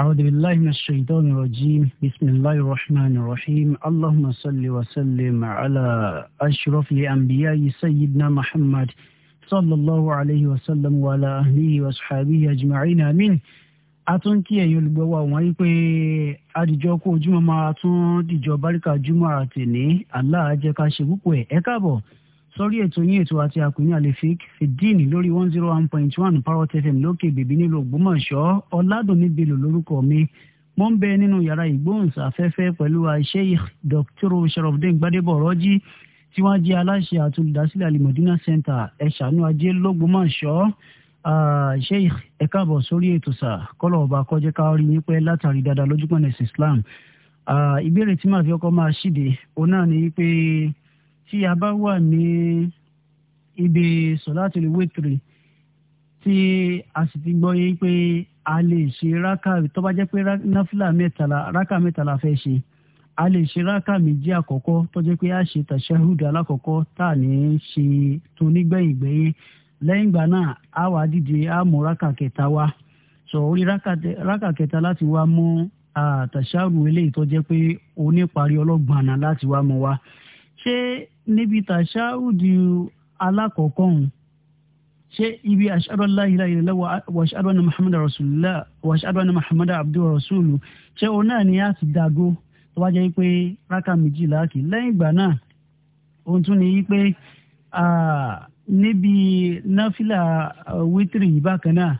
أعوذ بالله من الشيطان الرجيم بسم الله الرحمن الرحيم اللهم صل وسلم على أشرف الأنبياء سيدنا محمد صلى الله عليه وسلم وعلى أهله وصحبه أجمعين آمين atún kí ẹ̀yin olùgbọ́wọ́ àwọn yìí pé adìjọ kó ojúmọ́ máa tún dìjọ báríkà júmọ́ àtẹ̀ní aláàjẹká sórí ètò yín ètò àti àkùnrin àlefik fìdíìnì lórí one zero one point one parrot fm lókè bèbí nílùú Ògbómọ̀ṣọ́ ọládùnní belò lórúkọ mi mo ń bẹ nínú yàrá ìgbóhùnsáfẹ́fẹ́ pẹ̀lú Sheikh Dr. Sharafdin Gbadebo Ọ̀rọ́jì tí wọ́n jẹ́ aláṣẹ àtolùdásílẹ̀ alimọ̀dínà center ẹ̀ṣánú ajé lọ́gbọ́mọ̀ṣọ́ Sheikh ẹ káàbọ̀ sórí ètò sà kọ́lọ̀ ọba kọjá káwárí yín pẹ́ látàrí dáadáa lójúpọ̀nẹ̀sì Islam ìbéèrè tí màá fi ọkọ̀ máa ṣíde òun náà ni pé tí a bá wà ní ibi sọ̀láàtì wítìrì tí a sì ti gbọ́ yé pé a lè ṣe rákà tó bá jẹ́ pé náfìlà mẹ́tàlá rákà mẹ́tàlá fẹ́ ṣe a lè ṣe rákà méjì àkọ́kọ́ tó jẹ́ pé a ṣe tàṣáhùdù alákọ̀ọ́kọ́ tá à ní ṣe tó nígbẹ̀yìngbẹ̀yìn lẹ́yìn ìgbà náà a wà dìde a mú rákà kẹta wá sọ orí rákà kẹta láti wá mú tàṣáhùdù eléyìí tó jẹ́ pé oníparí ọlọ́gbọ̀nà láti wá mú wá ṣé níbi tàṣáùdì alákọ̀ọ́kọ́ ọ̀hún ṣé ibi ashadu an la ilaha illallah wa ashadu anna muhammadar rasulullah wa ashadu anna muhammadar abdu wa rasulu ṣé òun náà ni a ti dàgó tó bá jẹ́ pé rákà méjìlá kì lẹ́yìn ìgbà náà òun tún ni yí pé níbi náfìlà wítìrì bákan náà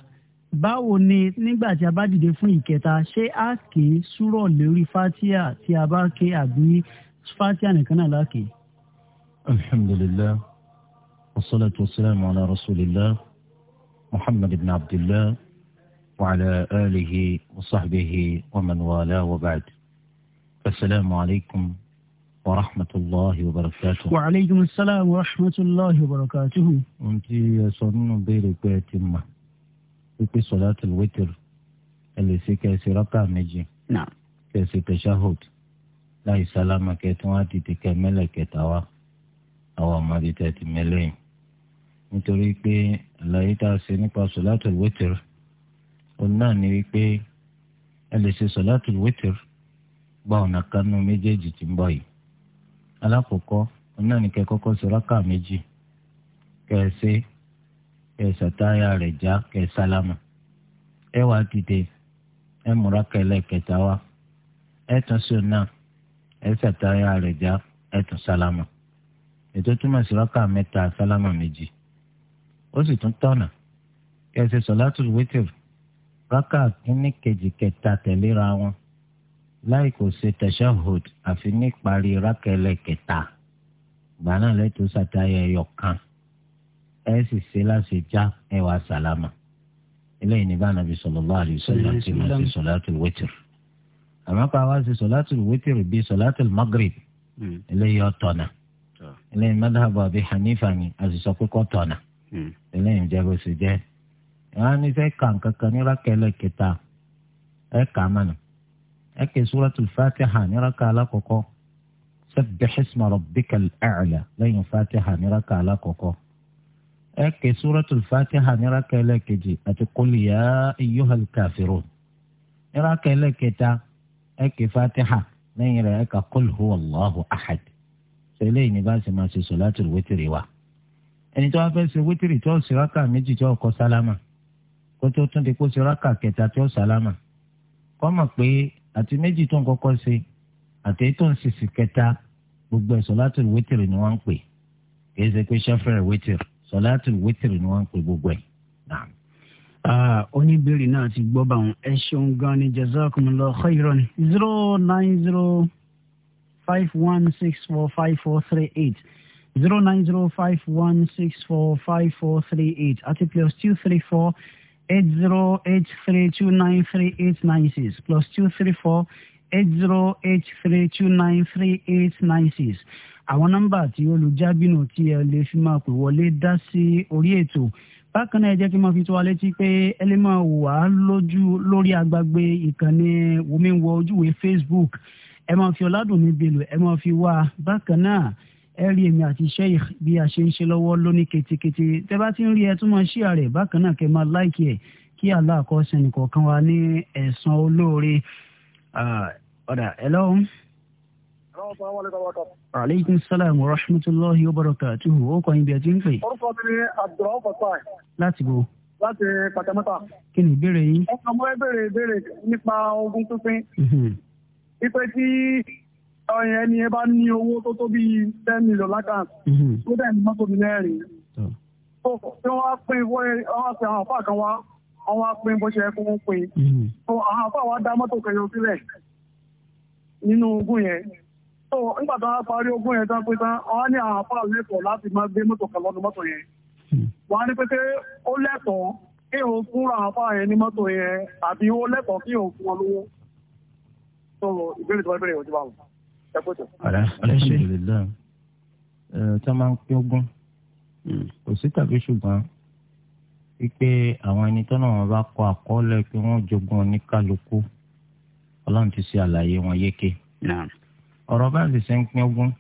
báwo ni nígbà tí a bá dìde fún ìkẹta ṣé a kè é súrọ̀ lórí fatia tí a bá ké àbí fatia nìkan náà lákè الحمد لله والصلاة والسلام على رسول الله محمد بن عبد الله وعلى آله وصحبه ومن والاه وبعد السلام عليكم ورحمة الله وبركاته وعليكم السلام ورحمة الله وبركاته أنت يسون بيرك يتم في صلاة الوتر اللي في كاسي ركع نجي نعم كاسي تشهد لا يسلامك يتواتي تكملك يتواتي àwọn ọmọdé tẹ̀ ti mẹ́lẹ́yìn nítorí pé àlàyé tá a ṣe nípa sọ̀látù wẹ́tìr òun náà ni wípé ẹ lè ṣe sọ̀látù wẹ́tìr gba ọ̀nà kanú méjèèjì tí ń bọ̀ yìí alákọ̀ọ́kọ́ òun náà ni kẹ́ kọ́kọ́ ṣe rákà méjì kẹ́ ẹ ṣe rẹ̀ já kẹ́ ẹ ẹ wàá dìde ẹ múra kẹlẹ kẹta wa ẹ tún sí òun náà ẹ ṣàtáyà rẹ̀ já ẹ tún sálámà ètò túmọ̀ sí rákà mẹ́ta sálámà méjì ó sì tún tọ̀nà kẹsẹ̀ sọ̀látùl wítìrì rákà kínní kejì kẹta tẹ̀léra wọn láì kò ṣe tashahhud àfi níparí rákẹ́lẹ̀ kẹta gbà náà lẹ́tọ́ sàtáyà ẹyọ kan ẹ sì ṣe láṣẹ já ẹwà sálámà eléyìí ní bá nàbí sallallahu alaihi wasallam tí mo ṣe sọ̀látùl wítìrì àmọ́ pa wá ṣe sọ̀látùl wítìrì bíi sọ̀látùl magrib hmm. eléyìí ọ̀tọ̀ náà. ẹlẹ́yin madhab Abi Hanifa ni àṣìṣọ pípọ̀ tọ̀nà ẹlẹ́yin jẹ́ bó ṣe jẹ́ ìwọ́n ní fẹ́ kà kankan ní rákẹ́lẹ̀ kẹta ẹ̀ kà á mọ̀nà ẹ̀ kẹ́ suratul Fatiha ní rákà alákọ̀ọ́kọ́ sabbih isma rabbikal a'la lẹ́yìn Fatiha ní rákà alákọ̀ọ́kọ́ ẹ̀ kẹ́ suratul Fatiha ní rákẹ́lẹ̀ kejì àti kọ́lìyà ya káfíró kafirun ní rákẹ́lẹ̀ kẹta ẹ̀ kẹ́ Fatiha lẹ́yìn rẹ̀ ẹ̀ kà qul huwallahu ahad eléyìí ni bá ṣe máa ṣe sọ̀látù wítìrì wa ẹni tó wá fẹ́ ṣe wítìrì tó ṣe rákà méjì tó kọ́ sálámà kó tó tún di kó ṣe rákà kẹta tó sálámà kọ́ mọ̀ pé àti méjì tó ń kọ́kọ́ ṣe àti èyí tó ń ṣe sí kẹta gbogbo ẹ̀ sọ̀látù wítìrì ni wọ́n ń pè kì ṣe pé ṣẹ́fẹ̀rẹ̀ wítìrì sọ̀látù wítìrì ni wọ́n ń pè gbogbo ẹ̀ náà oníbèrè náà ti gbọ́ bá wọn ẹ ṣeun gan ni jazakumullahu khairan zero five one six four five four three eight zero nine zero five one six four five four three eight àti plus two three four eight zero eight three two nine three eight nine six plus two three four eight zero eight three two nine three eight nine six àwọn nọ́mbà tí olùjábìnú ti ẹ lè fi máa pè wọlé dá sí orí ètò bákan náà ẹ jẹ́ kí n máa fi tó wa létí pé ẹ lè máa wà lójú lórí agbágbé ìkànnì wòmíwọ ojúwe Facebook ẹ máa fi ọ̀làdùn mi bèlò ẹ máa fi wá bákan náà ẹ rí èmi àti sheikh bí a ṣe ń ṣe lọ́wọ́ lóní ketekete tẹ bá ti ń rí ẹ tún máa ṣí ààrẹ bákan náà kẹ máa láìkì ẹ kí Allah kó san ẹnìkọ̀ọ̀kan wa ní ẹ̀san olóore ọ̀dà ẹ lọ́wọ́. Aleykum salaam wa rahmatulahi wa barakatuhu. Ó kọ́ ibi ẹ̀tí ń pè. Orúkọ mi ni Abdulrahman Fatai. Láti bo. Láti Pàtàmọ́tà. Kí ni ìbéèrè yín? Ọkàn mọ́ ẹ béèrè ìbéèrè nípa ogun pínpín. Mhm wípé tí ọyàn ẹni ẹ bá ní owó tó tó bíi ten million lákàn mhm. tó dẹ̀ ní mọ́tò mi lẹ́rìn tó tí wọ́n á pín wọ́n á fi àwọn àfa kan wá wọ́n á pín bó ṣe yẹ kó wọ́n pín tó mhm. àwọn àfa wa dá mọ́tò kẹyọ sílẹ̀ nínú ogún yẹn tó nígbà tó wọ́n parí ogún yẹn tán pé tán wọ́n ní àwọn àfa lẹ́tọ̀ọ́ láti máa gbé mọ́tò kan lọ́nu mọ́tò yẹn hmm. wọ́n á ní pété ó lẹ́tọ̀ọ́ kí òun fúnra àfa yẹn ní mọ́tò yẹn àbí ó lẹ́tọ̀ọ́ kí òun fún ọ tó ìbéèrè tó wọ́n bẹ̀rẹ̀ ojú bá wọn ẹ kó tó. alhamdulilayi tí a máa ń pín ogún hmm. kò sí tàbí ṣùgbọ́n wípé àwọn ẹni tọ́nà wọn bá kọ àkọọ́lẹ̀ pé wọ́n jogún oníkálukú ọlọ́run ti ṣe àlàyé wọn yékè. ọ̀rọ̀ bá sì ṣe ń pín ogún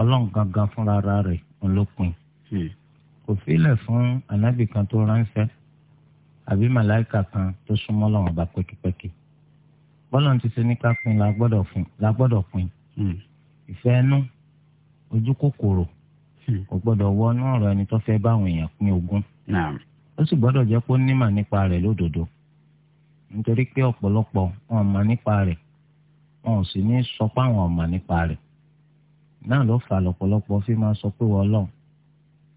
ọlọ́run gangan fúnra rẹ̀ ń ló pin. Hmm. kò fílẹ̀ fún ànábì kan tó ránṣẹ́ àbí màláìkà kan tó súnmọ́ lọ́wọ́n bá pẹ́kípẹ́kí bọ́lá ti ṣe ní ká pin la gbọ́dọ̀ fún la gbọ́dọ̀ pin hmm. ìfẹ́ ẹnu ojú kòkòrò hmm. kò gbọ́dọ̀ wọnú ọ̀rọ̀ ẹni tó fẹ́ báwọn èèyàn pín ogún ó sì gbọ́dọ̀ jẹ́ pé ó nímọ̀ nípa rẹ̀ lódodo nítorí pé ọ̀pọ̀lọpọ̀ wọn mọ̀ nípa rẹ̀ wọn ò sì ní sọ pé àwọn ọmọ nípa rẹ̀ náà ló fà lọ́pọ̀lọpọ̀ fi máa sọ pé wọ́n lọ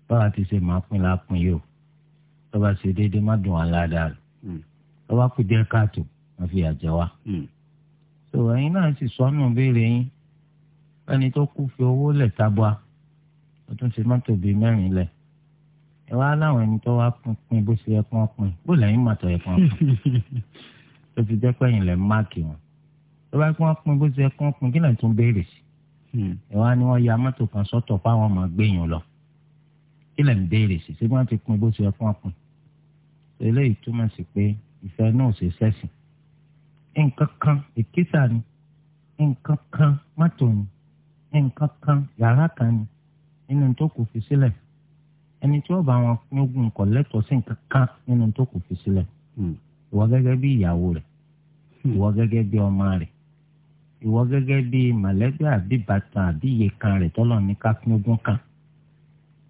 báwa ti ṣe máa pín la pín yìí o tó bá ṣe déédéé má dùn wá ládàá rẹ̀ hmm. tó bá kù díẹ̀ káàtó wọ́n fi àjẹ wa. tó hmm. ẹ̀yin náà sì sọnù béèrè yín ẹni tó kú fi owó lẹ̀ tabua ó tún ti mọ́tò bíi mẹ́rin lẹ̀ ẹ wá láwọn ẹni tó wá pin bó ṣe yẹ kí wọ́n pin bó lẹ́yìn màtọ̀ yẹ kí wọ́n pin tó fi jẹ́ pẹ́yìn lẹ́ máàkì wọn tó bá kí wọ́n pin bó ṣe yẹ kí wọ́n pin kí lẹ́yìn tó ń béèrè sí hmm. ẹ wá ní wọ́n ya mọ́tò kan sọ́tọ̀ fáwọn máa gbẹ̀yìn lọ kí lẹ́yìn béèrè sí ṣé wọ́n ti pin bó ṣe yẹ kí pin eléyìí túmọ̀ sí pé ìfẹ́ náà ò ṣe sẹ́sìn nǹkan kan ìkísà ni nǹkan kan mọ́tò ni nǹkan kan yàrá kan ni nínú tó kù fi sílẹ̀ ẹni tí wọ́n bá wọn yógun kọ̀ lẹ́tọ̀ọ́ sí nǹkan kan nínú tó kù fi sílẹ̀ hmm. ìwọ gẹ́gẹ́ bí ìyàwó rẹ̀ hmm. ìwọ gẹ́gẹ́ bí ọmọ rẹ̀ ìwọ gẹ́gẹ́ bí mọ̀lẹ́bí àbí bàtà àbí iye kan rẹ̀ tọ́lọ̀ ní kápẹ́gún kan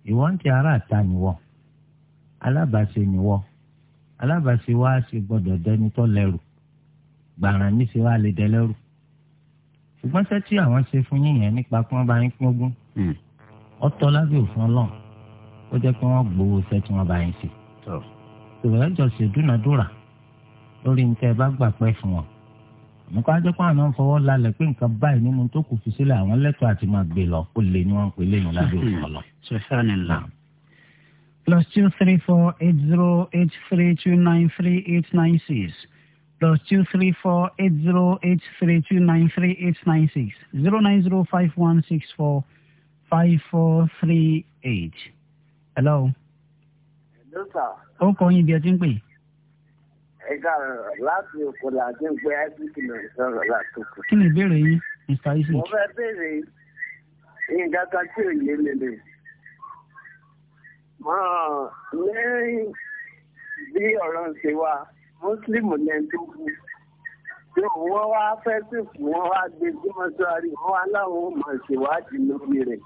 ìwọ ń ti ara àta nìwọ alábàáṣe nìwọ alábàáṣe wa ṣe gbọ́dọ̀ dẹni tó lẹ́rù gbàràn níṣẹ́ wàá lè dẹlẹ́rù ṣùgbọ́n sẹ́ tí àwọn ṣe fún yín yẹn nípa kí wọ́n bá yín pọ́gún ọ̀tọ̀ hmm. lábẹ́ òfin ọlọ́run ó jẹ́ pé wọ́n gbowó sẹ́ tí wọ́n bá yín ṣe tòwẹ́ jọ ṣe dúnadúrà lórí nǹkan ẹ bá gbà pẹ́ fún wọn nǹkan ajọ́ pé àwọn fọwọ́ lálẹ́ pé nǹkan báyìí nínú tó kù fi sílẹ̀ àwọn lẹ́tọ̀ọ́ àti máa gbé lọ ó lè ní wọn pè léyìn lábẹ́ òfin ọlọ́run hmm. plus two three four eight zero eight three two nine three eight nine six plus two three four eight zero eight three two nine three eight nine six zero nine zero five one six four five four three eight. hello. hello sir. ó kọ yín bí ẹ ti ń pè. ẹ káàárọ̀ láti òkòlà àti ìpè áìsìkì náà sọ̀rọ̀ látòkò. kí ni ìbéèrè yín mr isaac. mo fẹ́ béèrè nǹkan kan tí ò yé mi lè. mo ní bí ọ̀rọ̀ ń ṣe wá mùsùlùmù ní ẹni tó wọ́n wá fẹ́ sìnkú wọ́n wá gbé gbọ́mọsọ́rí wọ́n wá láwọn ò mọ̀ ṣèwádìí lórí rẹ̀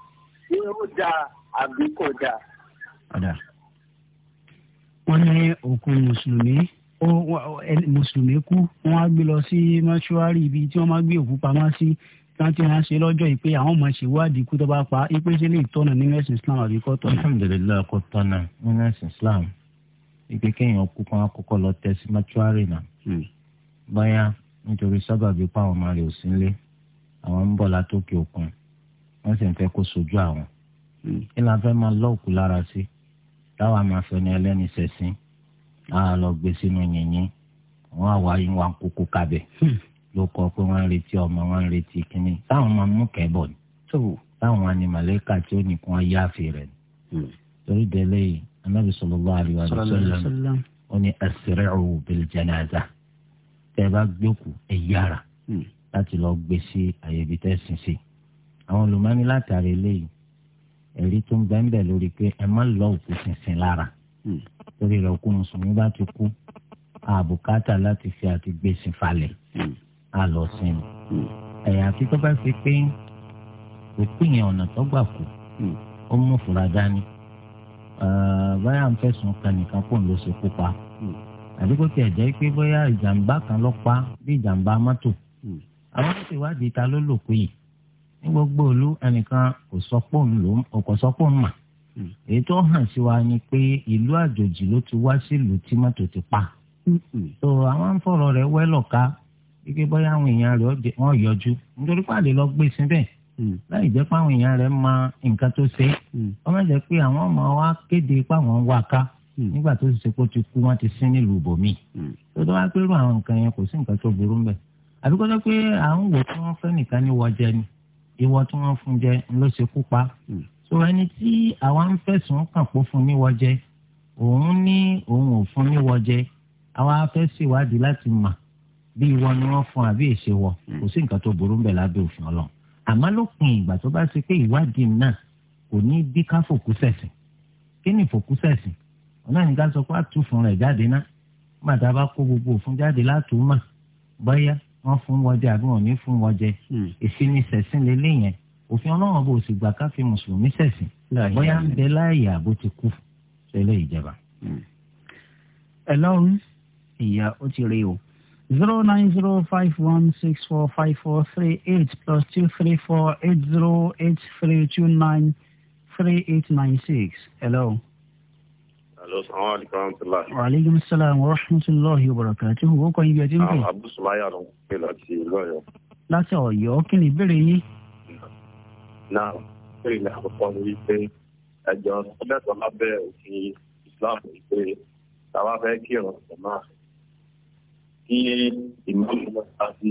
ṣé ó dáa àbí kò dáa. wọ́n ní òkú mùsùlùmí mùsùlùmí kú wọ́n á gbé lọ sí mọ́ṣúárì ibi tí wọ́n máa gbé òkú pamọ́ sí láti ránṣẹ́ lọ́jọ́ ìpè àwọn ọmọ ṣèwádìí kú tó pa ipe sílé ìtọ́nà nínú ẹ̀sìn Islam àbíkọ́ tọ́nà. alhamdulilayi kò tọ́nà nínú ẹ̀sìn Islam ike kéèyàn kú kán àkọ́kọ́ lọ tẹ sí mọ́túárì náà hmm. báyà nítorí sábàbí pa àwọn ọmọ rẹ̀ ò sí nílé àwọn ń bọ̀ látòkè òkun wọ́n sì ń fẹ́ kó sojú àwọn hmm. kí la fẹ́ máa lọ́ọ̀kú lára sí táwa máa fẹni ẹlẹ́ni sẹ̀sìn á lọ gbé sínú yìnyín wọ́n á wá yín wá kókó kábẹ̀ hmm. ló kọ pé wọ́n ń retí ọmọ wọ́n ń retí kínní táwọn máa mú kẹ́bọ̀ ni táwọn animalẹ́kà tí ó nìkan yáàfin rẹ̀ ni torí délé anabi sallallahu alaihi wasallam ó ní asri'u bil janaza tẹ́ bá gbókù ẹ yára hmm. láti lọ gbé sí àyè ibi tẹ́ sìn sí àwọn olùmọ́ni látàrí eléyìí ẹ̀rí tó ń bẹ́ńbẹ́ lórí pé ẹ má lọ òkú sínsìn lára hmm. torí rẹ̀ òkú mùsùlùmí bá ti kú àbùkátà láti fi àti gbé sin falẹ̀ àlọ́ hmm. sin ẹ̀yà àti tó bá ṣe pé òkú yẹn ọ̀nà tó gbà kú ó mú fura dání Ah, báyà ń fẹ̀sùn kan nìkan pò ń lọ sí pupa àbí kó tiẹ̀ jẹ́ pé bóyá ìjàmbá kan ló pa bí ìjàmbá mọ́tò àwọn tó ti wádìí ta ló lò pé ní gbogbo òlu ẹnìkan kò sọ pé òun lò ó kò sọ pé òun mà èyí tó hàn sí wa ni pé ìlú àjòjì ló ti wá sílùú tí mọ́tò ti pa so àwọn ń fọ̀rọ̀ rẹ̀ wẹ́lọ̀ ká wípé bóyá àwọn èèyàn rẹ̀ wọ́n yọjú nítorí pàdé lọ gbé sí Mm. láì jẹ́ pé àwọn èèyàn rẹ̀ mọ nǹkan tó ṣe wọ́n mm. má jẹ́ pé àwọn ọmọ wa kéde pé àwọn ń wá ká mm. nígbà tó ṣe pé ó ti kú wọ́n ti sín nílùú bòmí tó tó wá pé irú àwọn nǹkan yẹn kò sí nǹkan tó burú mbẹ̀ àdúgbò pé à ń wò tí wọ́n fẹ́ nìkan ní wọ́n jẹ ni ìwọ tí wọ́n fún jẹ ló ṣe kú pa so ẹni tí àwa ń fẹ̀sùn kàn pọ̀ fún ní wọ́n jẹ òun ní òun ò fún ní wọ́n jẹ àwa fẹ́ ṣèwádìí láti mà bí ìwọ ni wọ́n fún àbí èṣèwọ kò sí nǹkan tó burú mbẹ̀ lábẹ́ òfin Ọlọ́run àmọ́ lópin ìgbà tó bá ṣe pé ìwádìí náà kò ní bí ká fòkú sẹ̀sìn kí ni fòkú sẹ̀sìn ọ̀nà nìkan sọ pé àtú fún rẹ̀ jáde ná gbàtà bá kó gbogbo òfin jáde látò mà bóyá wọ́n fún wọn jẹ àbí wọn ní fún wọn jẹ hmm. èsì ni sẹ̀sìn lélẹ̀ yẹn òfin ọlọ́run bò sì gbà ká fi mùsùlùmí sẹ̀sìn bóyá ń bẹ láàyè àbó ti kú tẹ́lẹ̀ ìjẹba. Hmm. ẹ lọ́run ìyá ó ti rí o zero nine zero five one six four five four three eight plus two three four eight zero eight three two nine three eight nine six. hello. alo sàmúlò àdìgbò rahmatulahi. waaleykum salaam wa rahmatulahi wa barakatuhu. o kò yin bí ẹ ti ń pè. Ah, abu sulaya ló ń pè láti ìlú Ọ̀yọ́. láti Ọ̀yọ́ kí ni ìbéèrè yín. náà ìbéèrè ní àkọ́kọ́ ni wípé ẹjọ́ ọdẹtọ lábẹ́ òfin Islam wípé tàwa fẹ́ kírun ọmọ àfẹ kí ìmọ̀ ìmọ̀ àti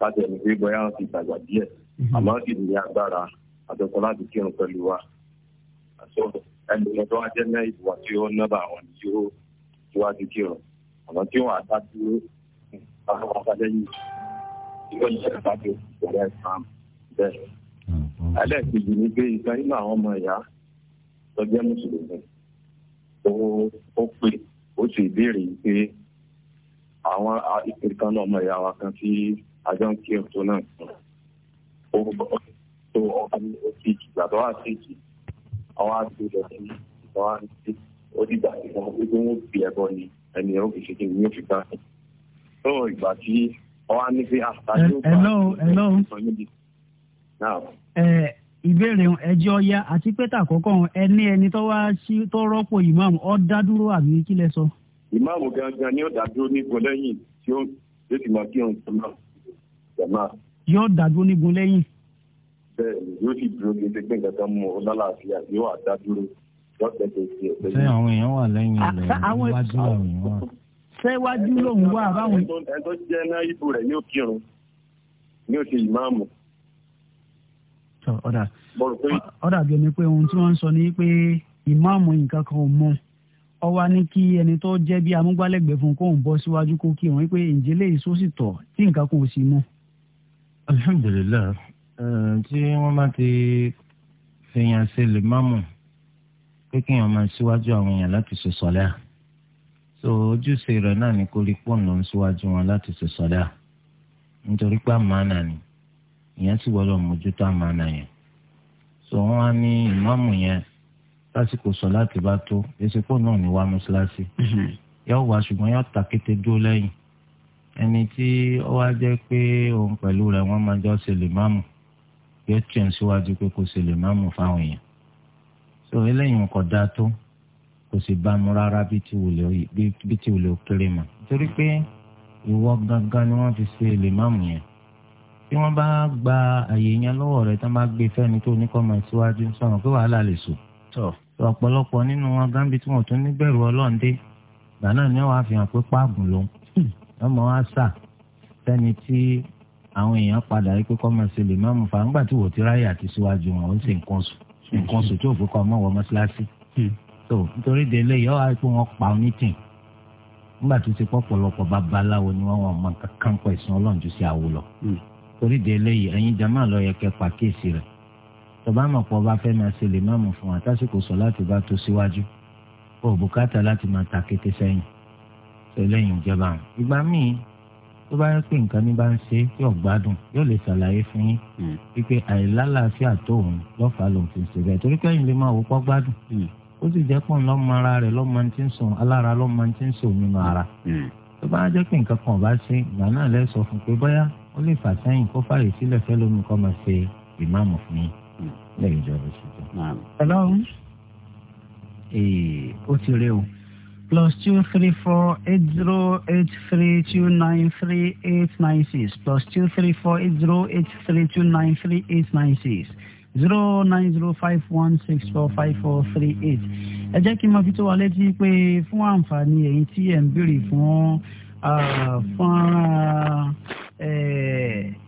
láti ẹ̀mí pé bóyá wọn ti dàgbà díẹ̀ mhm. àmọ́ sì ní agbára àtọkọ láti kírun pẹ̀lú wa àti ẹnìyàn tó wá jẹ́ náà ìwà tí ó nọ́bà àwọn tí ó síwájú kírun àmọ́ tí wọn àdá dúró àwọn afẹ́lẹ́yìn tí wọ́n yẹ ká tó ìṣẹ̀lẹ̀ ìfam bẹ́ẹ̀. Mhm. ẹlẹ́ẹ̀kejì ni pé ìkan nínú àwọn ọmọ ìyá tó jẹ́ mùsùlùmí ó pè ó sì béèrè pé àwọn ìpínkan náà mọ̀ ìyá wa kan tí àjọ ń kí ètò náà ó tó ọkùnrin ó ti ìgbà tó wà sí ìjì àwọn àti ìjọ sí wà sí ó tí wọn ó tó ń fi ẹbọ ni ẹni ó fi ṣe kí ni ó fi gbà tó ìgbà tí wọn á ní pé àtàjọ ah, bá ń sọ níbi ìbéèrè ẹjọ́ ya àti pété àkọ́kọ́ ẹ ẹni tó wá sí tó rọ́pò ìmáàmù ó dá dúró àbí kí lẹ sọ. So ìmáàmù gangan ni ó dádúró nígun lẹ́yìn tí ó yóò ti máa kí òun tó náà jàmá. yóò dádúró nígun lẹ́yìn. bẹ́ẹ̀ni yóò sì dúró kí n ti gbé nǹkan kan mú un lálàáfíà yóò wà dádúró lọ́sẹ̀ tó ti ẹ̀sẹ̀. ṣé àwọn èèyàn wà lẹ́yìn rẹ̀ níwájú àwọn èèyàn wà. ṣé iwájú lòun wà báwọn. ẹni tó jẹ́ náà ibù rẹ̀ yóò kírun ni ó ṣe ìmáàmù. ọ̀dà ọ̀dà bí ẹni pé ohun tí wọ́n ń sọ ni pé ìmáàmù nǹkan kan ò mọ̀ ọwọ́ ní kí ẹni tó jẹ́ bí amúgbálẹ́gbẹ̀ẹ́ fún kóun bọ́ síwájú kó kí wọ́n pé ǹjẹ́ lè so sì tọ̀ tí nǹkan kò sí mú. alhamdulilayi tí wọ́n bá ti fìyàn ṣe lè má mọ̀ pé kí èèyàn máa síwájú àwọn èèyàn láti ṣe sọ́lá so ojúṣe rẹ̀ náà ni kó rí pọ́ùn ló ń síwájú wọn láti ṣe sọ́lá nítorí pé àmàna ni ìyẹn sì gbọ́dọ̀ mójútó àmàna yẹn so wọ́n á ní ìmáàmù yẹn lásìkò sọ láti bá tó èsì pò náà ní wá mọ́ṣáláṣí mhm. yóò wá ṣùgbọ́n yóò ta kété dúró lẹ́yìn ẹni tí ó wá jẹ́ pé òun pẹ̀lú rẹ̀ wọ́n máa jọ ṣe máàmù yóò tì ń síwájú pé kò ṣe máàmù fáwọn èèyàn so eléyìí kò dáa tó kò sì bá mu rárá bí ti wùlé òkèrè mọ́ torí pé ìwọ gangan ni wọ́n fi ṣe lè máàmù yẹn tí wọ́n bá gba àyè yẹn lọ́wọ́ rẹ̀ tí wọ́n bá gbé fẹ́ni tó ní síwájú sọ̀rọ̀ pé wàhálà lè sùn tọ̀ ọ̀pọ̀lọpọ̀ nínú wọn gánbi tí wọ́n tún níbẹ̀rù ọlọ́ọ̀dẹ́ ìgbà náà ni wọ́n á fi hàn pé páàgùn ló ń ọmọ wa sà sẹ́ni tí àwọn èèyàn padà rí pé kọ́ máa ṣe lè má mú fa ńgbà tí wò ti ráyè àti síwájú wọn ó ń ṣe nǹkan sùn nǹkan sùn tí ò fi kọ́ ọmọ wọn mọ́ṣáláṣí tó nítorí délé yọ wá pé wọ́n pa onítìn ńgbà tó ti pọ̀ pọ̀lọpọ̀ babaláwo ni wọ́n wọn mọ kankan pẹ̀sán ọlọ́run ju sí àwòlọ́ torí délé yìí ẹ̀yin jama lọ yẹ kẹ́ pàkíyèsí rẹ̀ tọba àmọ̀ pọ̀ bá fẹ́ máa ṣe lè má mọ̀ fún wa tásìkò sọ láti bá tó síwájú kò bùkátà láti máa ta kété sẹ́yìn sẹ́lẹ̀yìn ìjọba àwọn. ìgbà míì tó bá yẹ pé nǹkan ní bá ń ṣe tí ò gbádùn yóò lè ṣàlàyé fún yín hmm. wípé àìlálàáfíà tó òun lọ́fàá lòun ti ń ṣe bẹ́ẹ̀ torí kẹ́yìn lè máa wò pọ́ gbádùn hmm. ó sì jẹ́ pọ̀ lọ́mọ ara rẹ̀ lọ́mọ ti ń sùn alára lọ́mọ ti ń sùn nínú ara hmm. tó bá jẹ́ pé nǹkan kan bá ṣe ìgbà náà lẹ́ fún pé bóyá ó lè fà sẹ́yìn kó fààyè sílẹ̀ fẹ́ lómi kọ́ máa ṣe ìmáàmù fún yín lẹ́yìn ìjọba ṣùgbọ́n. hello ó ti rí o plus two three four eight zero eight three two nine three eight nine six plus two three four eight zero eight three two nine three eight nine six zero nine zero five one six four five four three eight. ẹ jẹ́ kí n máa fi tó wa létí pé fún àǹfààní ẹ̀yin tí ẹ̀ ń béèrè fún fún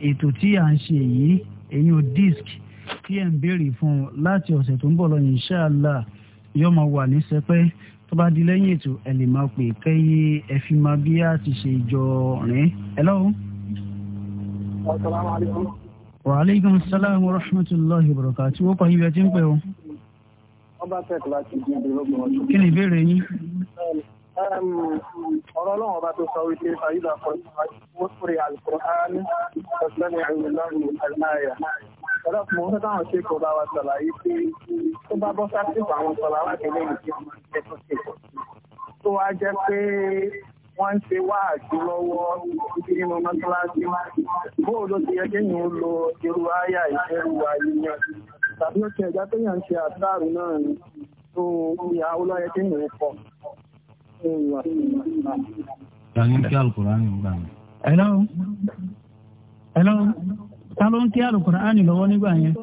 ètò tí à ń ṣe yìí èyí ò disc tí ẹ̀ ń béèrè fún un láti ọ̀sẹ̀ tó ń bọ̀ lọ inshallah yóò máa wà ní sẹpẹ́ tó bá di lẹ́yìn ètò ẹ̀ lè máa pè kẹ́yẹ ẹ fi máa bí a ti ṣe jọ rìn. hello. wa aleykum salaam wa rahmatulahi wa barakatuh wọ́n kọ́ ibi ẹ ti ń pẹ́ o. ọba tẹ̀kọ̀ láti di ìdílógún ọdún. kí ni ìbéèrè yín ọ̀rọ̀ ọlọ́run ọba tó sọ wípé fàyídà kọ́ ìwọ́n sórí àlùkò áánú ọ̀sẹ̀ ní àyùmọ̀ ọlọ́pàá ń sáwọn ṣe kò bá wa ṣàlàyé pé tó bá bọ́ sásìkò àwọn sọ̀rọ̀ àwọn akẹ́lẹ́ yìí tí wọ́n ṣe tó ṣe pọ̀ sí. tó wá jẹ́ pé wọ́n ń ṣe wáàjú lọ́wọ́ títí nínú mọ́ṣáláṣí bóò ló ti yẹ kéèyàn lo irú àyà ìṣẹ́rù àyíyàn tàbí ó ti ẹ̀já kéèyàn ṣe àtàrù náà ni tó ìyá olóyè kéèyàn pọ̀. Ìyá ní kí Alukóra ni ó gbà mí. Hello. Hello ta ló ń kí alukur'ani lọ́wọ́ nígbà yẹn.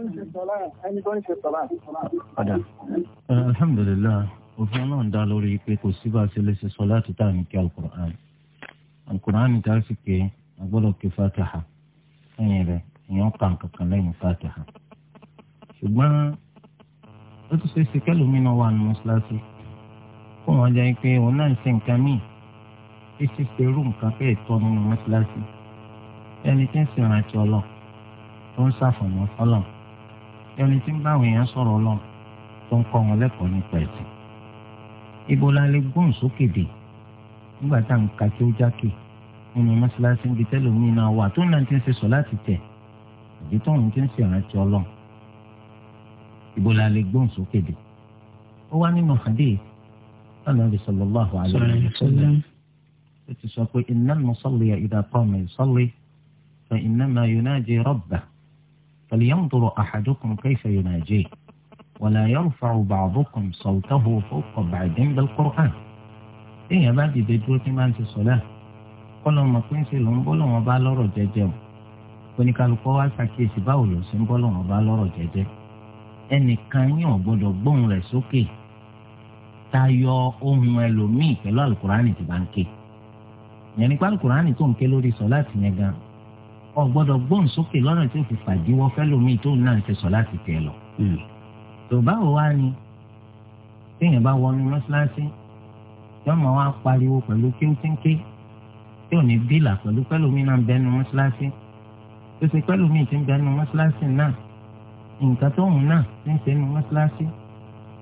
alhamdulilayi òfin náà dá lórí pé kò sí bá a ṣe lè ṣe sọ láti tá à ní kí alukur'ani alukur'ani tá a sì ké agbọ́dọ̀ ké fatiha lẹ́yìn rẹ̀ èèyàn kà kankan lẹ́yìn fatiha ṣùgbọ́n ó ti ṣe ṣe kẹ́lòmínà wà ní mọ́ṣáláṣí kó wọn jẹ́ pé òun náà ń ṣe nǹkan míì tí ṣíṣe irú nǹkan bẹ́ẹ̀ nínú mọ́ṣáláṣí ẹni tí ń ṣèrántí ọlọ́ọ̀ tó ń ṣàfọ̀mọ́ fọlọ́n ẹni tí ń bá àwọn èèyàn sọ̀rọ̀ ọlọ́n tó ń kọ́ wọn lẹ́kọ̀ọ́ nípa ẹ̀sìn. ibo la lè gbóhùn sókè dé nígbà tá à ń ka kí ó jákè nínú mọ́ṣáláṣí ibi tẹ́lẹ̀ omi náà wà tó náà ti ń ṣe sọ láti tẹ̀ àbí tóun ti ń ṣe ìrántí ọlọ́n ibo la lè gbóhùn sókè dé. ó wá nínú hadith Ànábì sallallahu alaihi wasallam ó ti sọ pé innal فلينظر أحدكم كيف يناجيه ولا يرفع بعضكم صوته فوق بعض بالقرآن إيه بعد دجوت ما أنت صلاة kọlọ mọ pé ń ṣe ló ń bọ́ lọ́wọ́ bá lọ́rọ̀ jẹ́jẹ́ o oníkálukọ́ wá ṣàkíyèsí báwo ló ṣe ń bọ́ lọ́wọ́ bá lọ́rọ̀ jẹ́jẹ́ ẹnìkan yín ò gbọ́dọ̀ gbóhùn rẹ̀ sókè tayọ ohun ẹlòmíì pẹ̀lú alukurani tí bá ń ké yẹn nípa alukurani tó ń ké lórí sọ láti yẹn gan ọ gbọ́dọ̀ gbọ́n sókè lọ́nà tí ó fi fàdíwọ́ fẹ́lòmíì tó náà ti sọ láti tẹ̀ lọ. Hmm. tó báwo wá ni téèyàn bá wọnú mọ́ṣáláṣí yọmọ wa pariwo pẹ̀lú kéńkéńké tí ò ní bílà pẹ̀lú pẹ́lòmíì náà bẹ́nu mọ́ṣáláṣí tó ṣe pẹ́lòmíì ti ń bẹ́nu mọ́ṣáláṣí náà nǹkan tó hùn náà ti ń ṣe nu mọ́ṣáláṣí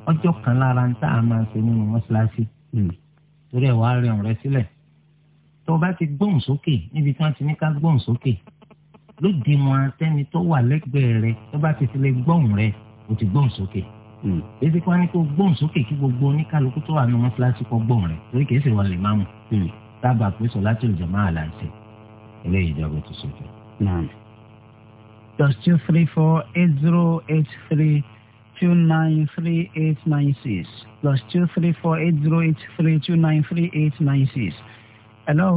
ọjọ́ kan lára ń tá a máa ṣe nínú mọ́ṣáláṣí hmm. torí ẹ̀ wá rẹ̀ ọ̀rẹ́ sílẹ̀ tó o bá ti gbóhùn sókè níbi tí wọ́n ti ní ká gbóhùn sókè lóde wọn sẹ́ni tó wà lẹ́gbẹ̀ẹ́ rẹ tó bá ti tilẹ̀ gbọ́hùn rẹ o ti gbọ́hùn sókè hmm. èsì kan ní kó gbọ́hùn sókè kí gbogbo oníkálukú tó wà nù mọ́ṣáláṣí kó gbọ́hùn rẹ torí kìí ṣe wọn lè máa mú hmm. sábà pé sọ láti lè jọmọ́ àlàáṣẹ eléyìí ìjọba tó sojú. plus two three four eight zero eight three two nine three eight nine six plus two three four eight zero eight three two nine three eight nine six. hello.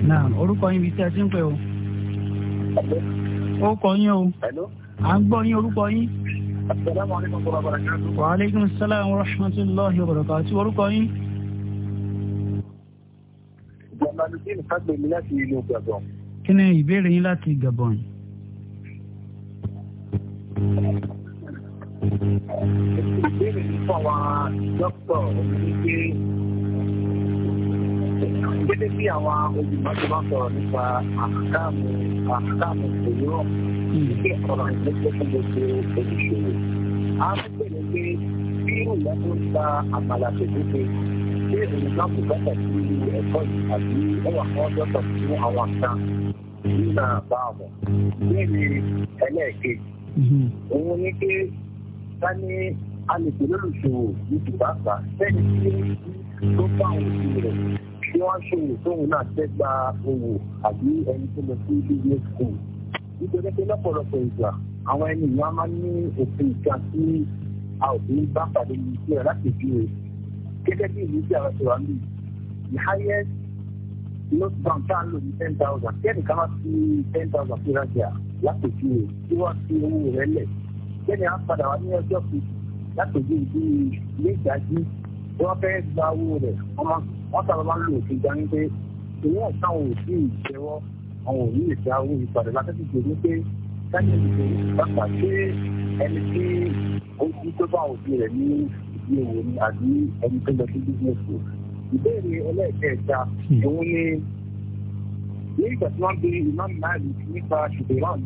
náà orúkọ yín ibi tí a ti ń pè o. ó kọ yín o. à ń gbọ́ yín orúkọ yín. wa aleykum salaam wa rahmatulahi wa barakatuh orúkọ yín. jamaludin fagbemi láti ìlú Gabon. kí ni ìbéèrè yín láti Gabon. ìbéèrè yìí fọwọ́ dókítà omi pélé bí àwọn olùmọ̀tò bá sọ̀rọ̀ nípa àkàmù àkàmù òwúrọ̀ ní ọ̀rọ̀ ìgbésẹ̀ fún gbogbo olùṣòwò. a ń pèlè pé bí ìyá tó ń ta àmàlà tó dúpẹ́ ṣé òun náà kò bá tàbí ẹ̀kọ́ yìí àbí ẹwà kan dọ́tọ̀ fún àwọn kan nígbà bá wọn. bẹ́ẹ̀ ni ẹlẹ́ẹ̀kejì òun ní pé ká ní alùpùpù lólùṣòwò ní tùbàbà sẹ́ni tí ó bá òun sí rẹ̀ tí wọ́n ṣòwò tóun náà fẹ́ gba owó àbí ẹni tó lọ sí business school. nítorí pé lọ́pọ̀lọpọ̀ ìgbà àwọn ẹni ìwọ́n máa ń ní òfin ìka tí a ò fi bá pàdé ní ìṣe láti fi rè. gẹ́gẹ́ bí ìlú tí àwọn ṣe wà níbi the highest note bank tá a lò ní ten thousand kí ẹnìkan máa fi ten thousand fi rajà láti fi rè kí wọ́n fi owó rẹ̀ lẹ̀ kí á padà wá ní ọjọ́ kejì láti fi bí ilé ìdájí wọ́n fẹ́ gba owó rẹ̀ wọ́n wọ́n sábà máa ń lo òfin dání pé ìwé ọ̀sán ò sí ìjẹ́wọ́ àwọn òní ìjà owó ìpàdé látẹ́sí gbé ní pé sáyẹn ìgbé bàbá ṣé ẹni tí ó jí tó bá òbí rẹ̀ ní ìdí òwò ni àbí ẹni tó lọ sí business school. ìbéèrè ẹlẹ́ẹ̀kẹta hmm. òun ni ní ìgbà tí wọ́n bí imam maali nípa ṣùgbọ́n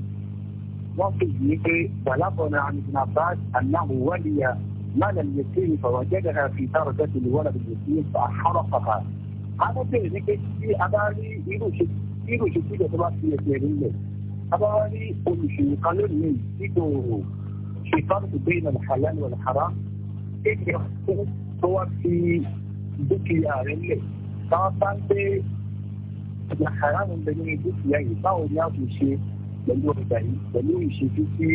wọ́n fi yìí pé bàlábọ̀ náà àmì معنى اليتيم فوجدها في درجة الولد اليتيم فحرقها هذا بيني في أبالي يروش يروش كده تبقى في يتيمين أبالي أمشي قانون من في فرق بين الحلال والحرام كده هو في دكيا اللي طبعا الحرام بين دكيا يطاول ياضي شيء pẹ̀lú ọjà yìí pẹ̀lú ìṣètò tí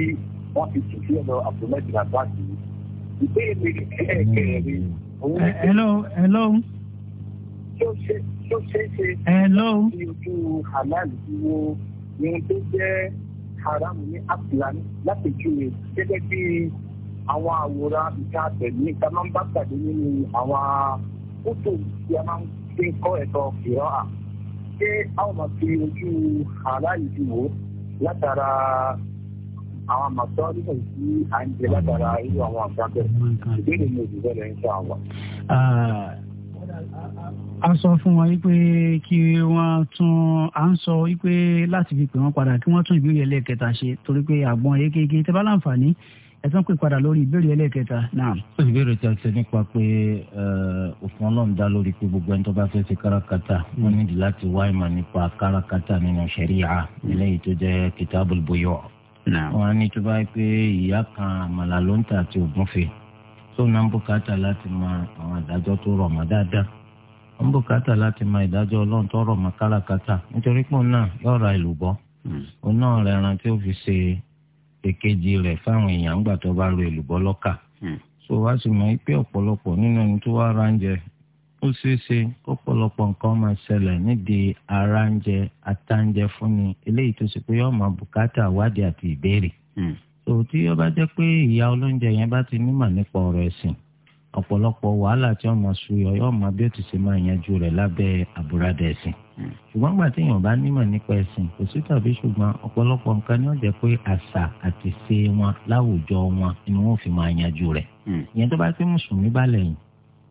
wọ́n fi ṣètò ọ̀dọ̀ àpòmẹ́tì àbáàtì hello hello. tó ṣe tó ṣe ṣe. hello. ní ojú halal wo ni wọ́n tó jẹ́ haram ní afilani láti júwe gẹ́gẹ́ bí àwọn àwòrán ìta àtẹ̀lé ìta máa ń bá pàdé nínú àwọn kótó tí a máa ń fi kọ́ ẹ̀kọ́ ìrọ́ à. ṣé a ó máa fi ojú halal ìdìbò látara àwọn màtọ́ nígbà tí à ń jẹ látara irú àwọn àgbà bẹ́ẹ̀ oh ìbéèrè mi ò sì bẹ́ẹ̀ lẹ́yìn sáà wà. a sọ fún wọn wípé kí wọ́n tún à ń sọ wípé láti fi pè wọ́n padà kí wọ́n tún ìbéèrè ẹlẹ́ẹ̀kẹta ṣe torí pé àgbọn yékéyéké tẹ́ bá láǹfààní ẹ tún pè padà lórí ìbéèrè ẹlẹ́ẹ̀kẹta náà. ó sì béèrè tí a ṣe nípa pé òfin ọlọ́run dá lórí pé gbogbo ẹni tó bá fẹ́ ṣe kárakáta wọ́n hmm. nídìí láti wá ìmọ̀ nípa kárakáta nínú ṣẹ̀ríà eléyìí tó jẹ́ kitabul buyu' wọn á ní tó bá pé ìyá kan àmàlà ló ń tà àti ògúnfe tó náà ń bùkátà láti mọ àwọn mbukata tó ma mọ́ dáadáa ń bùkátà láti mọ ìdájọ́ ọlọ́run tó rọ̀ mọ́ káràkátà nítorí pé òun náà yóò ra hmm. òun náà ẹran fi ṣe èkejì fáwọn èèyàn ńgbà tó ro lọ́kà hmm. so wá sì mọ̀ pé ọ̀pọ̀lọpọ̀ nínú ẹni tó wá ó ṣeé ṣe ọ̀pọ̀lọpọ̀ nǹkan máa ṣẹlẹ̀ nídìí ara ń jẹ atáǹjẹ fúnni eléyìí tó ṣe pé yóò máa bùkátà wádìí àti ìbéèrè. tó hmm. tí bá jẹ́ pé ìyá olóúnjẹ yẹn bá ti nímọ̀ nípa ọ̀rọ̀ ẹ̀sìn ọ̀pọ̀lọpọ̀ wàhálà tí máa ṣuyọ máa ti ṣe máa yanjú rẹ̀ lábẹ́ àbúradà ẹ̀sìn. Hmm. ṣùgbọ́n gbà bá nímọ̀ nípa ẹ̀sìn kò sí tàbí ṣùgbọ́n ọ̀pọ̀lọpọ̀ nǹkan ni jẹ́ wọn láwùjọ wọn ni wọ́n fi máa yanjú rẹ̀. Hmm. ìyẹn tó bá pé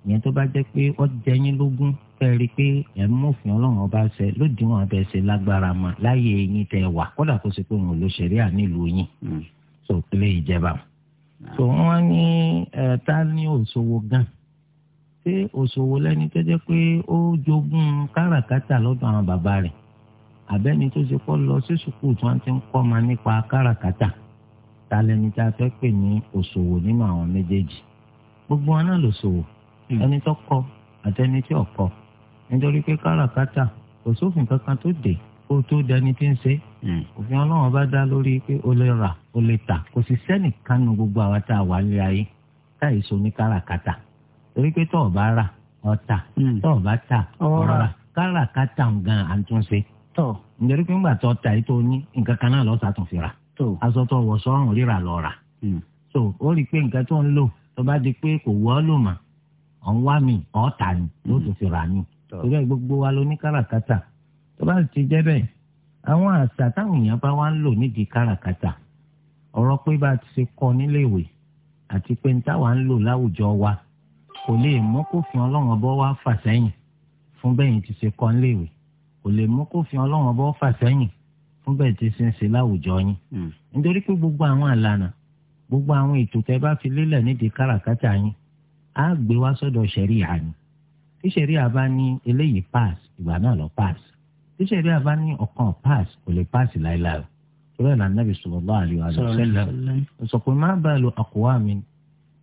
ìyẹn tó bá jẹ́ pé ó jẹ yín lógún fẹ́ rí i pé ẹ̀ ń mọ̀fin ọlọ́run ọba ṣe lódiwọ̀n abẹ́ ṣe lágbára mọ́ láyé yín tẹ́ wà kódà kó ṣe pé òun ló ṣeré à nílùú yín tó lè jẹba. tó wọ́n ní ta ní òṣòwò gan ṣé òṣòwò lẹ́ni tó jẹ́ pé ó jogún káràkátà lọ́dọ̀ àwọn bàbá rẹ̀ àbẹ́ni tó ṣe kọ́ lọ sí sùkúù tí wọ́n ti ń kọ́ ma nípa káràkátà ta lẹ́ni tá a fẹ́ pè ní òṣòwò nínú àwọn méjèèjì gbogbo wọn náà lòṣòwò Mm. ẹni tó kọ àtẹni tí ò kọ nítorí pé káràkátà kò sófin kankan tó dé kó tó dání tí ń ṣe mm. òfin ọlọ́run bá dá lórí pé o lè rà o lè tà kò sì sẹ́nìkan nu gbogbo àwa tá a wà ní ayé táyì so ní káràkátà torí pé tọ́ọ̀ bá rà ọ̀tà mm. tọ́ọ̀ bá tà ọ̀rà káràkátà gan à ń tún ṣe tọ́ nítorí pé ńgbà tó ta yìí tó ní nǹkan kan náà lọ́sàá tún fi rà aṣọ wọ̀ sọ́run rírà lọ́ọ́ so ó rí i pé nǹkan tó ń lò tó bá di pé kò wọ́ lò mọ́ ọ̀nwá mi ọ̀ọ́ta ni hmm. ló tún fi rà ní. torí ẹ gbogbo wa ló ní káràkátà tó bá ti jẹ́ bẹ́ẹ̀ àwọn àṣà táwọn èèyàn bá wá ń lò nídìí káràkátà ọ̀rọ̀ pé bá a ti ṣe kọ́ níléèwé àti pé táwa ń lò láwùjọ wa kò lè mú kófin ọlọ́run ọbọ̀ wá fà sẹ́yìn fún bẹ́yìn ti ṣe kọ́ níléèwé kò lè mú kófin ọlọ́run ọbọ̀ fà sẹ́yìn fún bẹ́ẹ̀ ti ṣe ń ṣe láwùjọ yín. Hmm. nítorí pé gbogbo àwọn àlànà gbogbo àwọn ètò tẹ bá fi lélẹ̀ nídìí káràkátà yín á gbé wá sọ́dọ̀ ṣẹ̀ríà ni tí ṣẹ̀ríà bá ní eléyìí pass ìgbà náà lọ pass tí ṣẹ̀ríà bá ní ọ̀kan pass kò lè pass láéláé o torí ẹ̀ lànà bí sallallahu alaihi wa sallam ọ̀sọ̀kùn má bàa lo aqwamin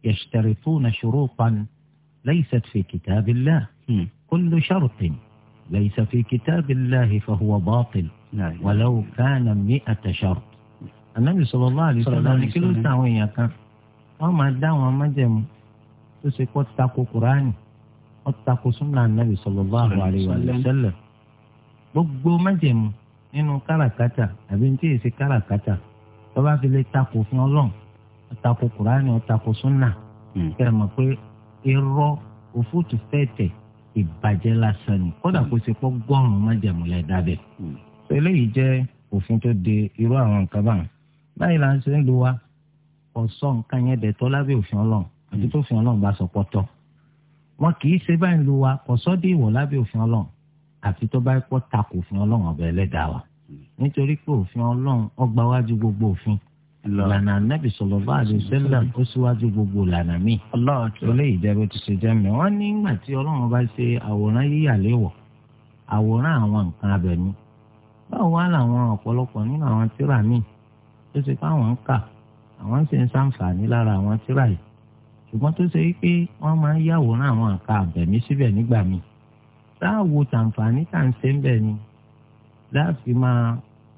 yashtarithuna shurutan laysat fi kitabillah hmm. kullu shartin laysa fi kitabillah fahuwa batil walau kana mi'ata shart Ànábì sallallahu alaihi wa sallam ní kí ló ń ta àwọn èèyàn kan wọ́n máa dá àwọn májẹ̀mú tó ṣe pọ́ ti tako kuraani ó ti tako sunna anabi sallallahu alayhi wa sallam gbogbo májèmú nínú káràkátà àbí ní tí yìí ṣe káràkátà tó bá fi lè tako fún ọlọ́run ó tako kuraani ó tako sunna kẹ́ hmm. ẹ̀ mọ̀ pé irọ́ òfútù fẹ́ẹ̀tẹ̀ ìbàjẹ́ lásán ni kódà kó ṣe pọ́ gbọ́rùn-ún májèmú lẹ̀ dábẹ́ hmm. eléyìí jẹ́ òfin tó de irú àwọn nǹkan báyìí báyìí là ń lu wa ọ̀sán nǹkan yẹn dẹ̀ tọ́ òfin ọlọ́run àti tó fi ọlọ́run bá sọ pọ́tọ́ wọn kì í ṣe báyìí lu wa kò sọ́ dé ìwọ̀ lábẹ́ òfin ọlọ́run àti tó bá pọ́ takò òfin ọlọ́run ọ̀bẹ ẹlẹ́dàá wa nítorí pé òfin ọlọ́run ọgbà wájú gbogbo òfin ìlànà anábì sọ̀rọ̀ bá àdùsẹ́lẹ̀ ó síwájú gbogbo ìlànà mi. eléyìí jẹ́ bó ti ṣe jẹ́ mi wọ́n nígbà tí ọlọ́run bá ṣe àwòrán yíyà léwọ̀ àwòrán àwọn nǹkan abẹ̀mí báwo wá làwọn ọ̀pọ̀lọpọ̀ nínú àwọn tírà míì tó ṣe pé àwọn ń kà àwọn sì ń ṣàǹfààní lára àwọn tírà yìí ṣùgbọ́n tó ṣe wípé wọ́n máa ń yàwòrán àwọn àka àbẹ̀mí síbẹ̀ nígbà míì láàwo tàǹfààní tà ń ṣe ń bẹ̀ ni láàfin máa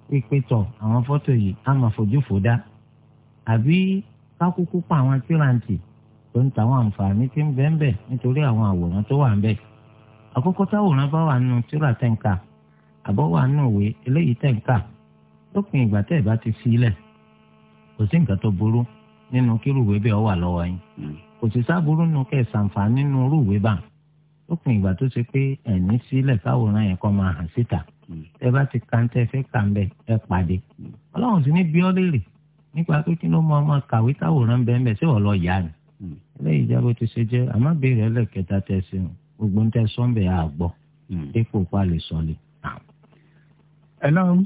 pípé tọ̀ àwọn fọ́tò yìí á máa fojú fò dá àbí kákúkú pa àwọn tíráǹtì tó ń ta àwọn àǹfààní tí ń bẹ ń bẹ̀ nítorí àwọn àwòrán tó wà ń bẹ̀ àkókò táwòrán bá wà nù tíra tẹ̀ǹkà àbọ̀ wà nù òwe eléyìí tẹ̀ǹkà lópin ìgbà tẹ̀ nínú kí rúwé bẹ́ẹ̀ wà lọ́wọ́ yín hmm. kò sì sábúrú nù kẹ́ ṣàǹfààní nínú rúwé bá lópin ìgbà tó ṣe pé ẹ̀ní sílẹ̀ káwòrán yẹn kọ́ máa hàn síta hmm. ẹ bá ti ka ń tẹ́ fẹ́ kà ń bẹ ẹ pàdé hmm. ọlọ́run sì ní bí ọ́ léèrè nípa pé kí ló mọ ọmọ kàwé táwòrán bẹ́ẹ̀ bẹ́ẹ̀ sí ọ̀lọ́ yá ni eléyìí jábọ ti ṣe jẹ́ àmọ́ béèrè ẹlẹ́kẹta tẹ̀ sí i gbogbo ń tẹ́ sọ́ńbẹ̀ àgbọ̀ dípò pa lè ẹ lọ́run.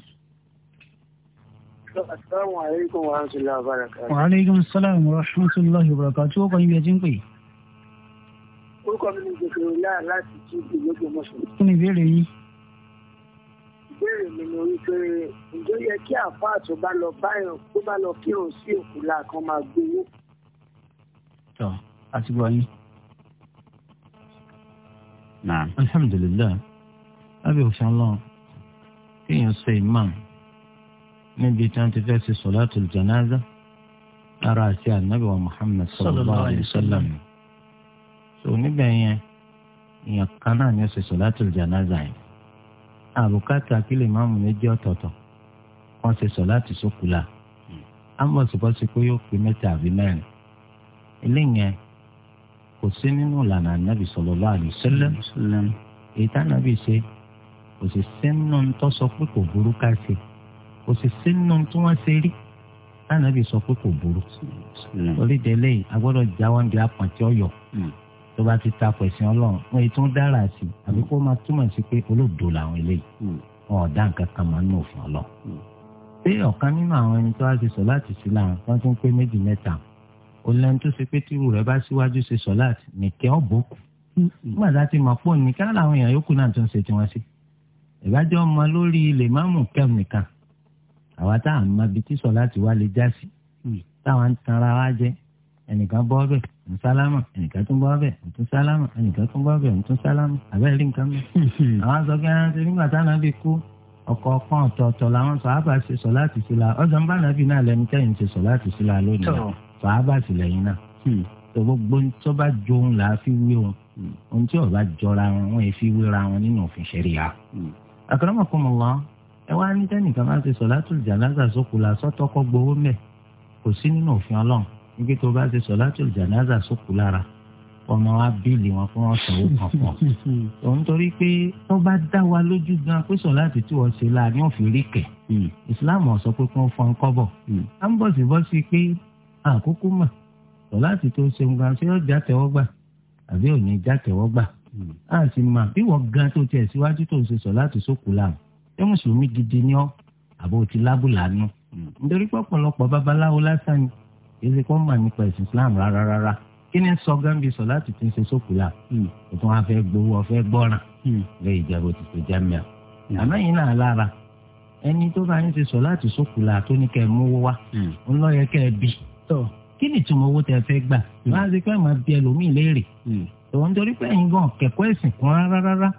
Assalamu alaikum wa rahmatullahi wa barakatuh. Wa alaikum assalam wa rahmatullahi wa barakatuh. Ó kọ́ ibi ẹjí ń pè. Orúkọ mi ni Jẹ̀kẹ̀rẹ̀ Láà láti jí ìlógún mọ́ṣọ́. Kí ni ìbéèrè yín? Ìbéèrè mi ni wípé ǹjẹ́ yẹ kí àfáà tó bá lọ báyàn tó bá lọ kírun sí òkú làkàn máa gbowó. Tọ́ àti gbọ́ yín. Naam. Alhamdulillah. Lábẹ́ òfin ọlọ́run, kéèyàn sọ ìmáàmù níbi tí wọ́n ti fẹ́ ṣe solatul janaza ara àti ànábì wa Muhammad sallallahu alayhi wa sallam so níbẹ̀ yẹn èèyàn kan náà ni ó ṣe solatul janaza yẹn àbùkátà kí lè máàmù méjì ọ̀tọ̀ọ̀tọ̀ wọ́n ṣe solati sókùlà ámọ̀sibọ́sí pé yóò pé mẹ́ta àbí mẹ́rin eléyẹn kò sí nínú ìlànà ànábì sallallahu alayhi wa sallam èyí tá ànábì ṣe kò sì sí nínú ń pé kò burú ká ṣe kò sì sínú tí wọ́n ṣe rí lánàbì sọ pé kò burú mm. torí délé yìí a gbọ́dọ̀ jáwọ́ ní apàtí ọ̀yọ́ tó bá ti ta pẹ̀sìn ọlọ́run wọn èyí tó ń dára sí àbí kó máa túmọ̀ sí pé olóòdó làwọn eléyìí mm. wọn ò dá nǹkan kan máa ń nù fún ọlọ́run. Mm. pé ọ̀kan nínú àwọn ẹni tó wá ti sọ láti sí làwọn wọn tún pé méjì mẹ́ta olóyún tó ṣe pé tírú rẹ̀ bá síwájú ṣe sọ láti nìkẹ́ ọ̀bọ̀kù nígbà tá a ti mọ̀ pọ̀ nìkan làwọn èèyàn yòókù náà tó ń ṣe tiwọn sí ìbájọ́ ọmọ lórí lèmámù kẹ́m nìkan àwa tá à ń mọbi tí sọ láti wá lè já sí hmm. táwa ń tanra wa jẹ ẹnìkan bọ́ bẹ̀ ń sálámà ẹnìkan tún bọ́ bẹ̀ ń tún sálámà ẹnìkan tún bọ́ bẹ̀ ń tún sálámà àbẹ́rẹ́ rí nǹkan mọ́. Hmm. àwọn sọ pé ẹran ah, ṣe nígbà táwọn náà bí kú ọkọ̀ ọ̀kan ọ̀tọ̀ọ̀tọ̀ làwọn sọ àbá ṣe sọ láti sí la ọjọ́ ń bá nàbí náà lẹ́nu kẹ́yìn ṣe sọ láti sí la lónìí sọ àbá sì lẹ́yìn náà. Hmm. tó gbogbo tó bá jo òun là á fi wé òun ohun tí ò bá jọra wọn wọn fi wéra wọn nínú òfin ṣẹ̀ríya. àkàrà mọ̀kúnmọ̀ wọn ẹ wá ní tẹ́nìkan bá ṣe sọ̀látùl jànáza sókù la sọ́tọ́kọ́ gbowó mẹ́ kò sí nínú òfin ọlọ́run níbi tó bá ṣe sọ̀látùl jànáza sókù lára ọmọ wa bíìlì wọn fún wọn sanwó kan fún ọ òun torí pé tó bá dá wa lójú gan pé sọ̀láàtì tí wọ́n ṣe láàrin òfin rí kẹ̀ hmm. ìsìláàmù ọ̀sọ́ pé kí wọ́n fọ́n kọ́bọ̀ hmm. à ń bọ̀ sí bọ́ sí pé àkókò mà sọ̀láàtì tó ṣe nǹkan ṣé ó já tẹ̀wọ́gbà àbí ò ní já tẹ̀wọ́gbà hmm. a sì mà bí wọ́n gan tó tiẹ̀ síwájú tó ń ṣe sọ̀láàtì sókù láàmù ṣé mùsùlùmí gidi ni ọ́ àbò ti lábùlánú hmm. nítorí pé ọ̀pọ̀lọpọ̀ babaláwo lásán ni èsì kò mà nípa ẹ̀sìn Islam rárá rárá kí ni sọ gánbi sọ láti ti ń ṣe sókùlà o hmm. tún wá fẹ́ gbowó ọ̀fẹ́ gbọ́ràn hmm. lẹ́yìn ìjẹ́bù ti ṣe jẹ́mìà àmọ́ yìí náà lára ẹni tó bá ń ṣe sọ láti sókùlà tó ní kẹ́ ẹ mówó wá ń lọ yẹ kẹ́ ẹ bì kí ni ìtumọ̀ owó tẹ fẹ́ gbà wọ́n á ṣe pé ẹ̀ bí ẹlòmíì léèrè tòun torí pé ẹ̀yin gan kẹ̀kọ́ ẹ̀sìn kan rárá rárá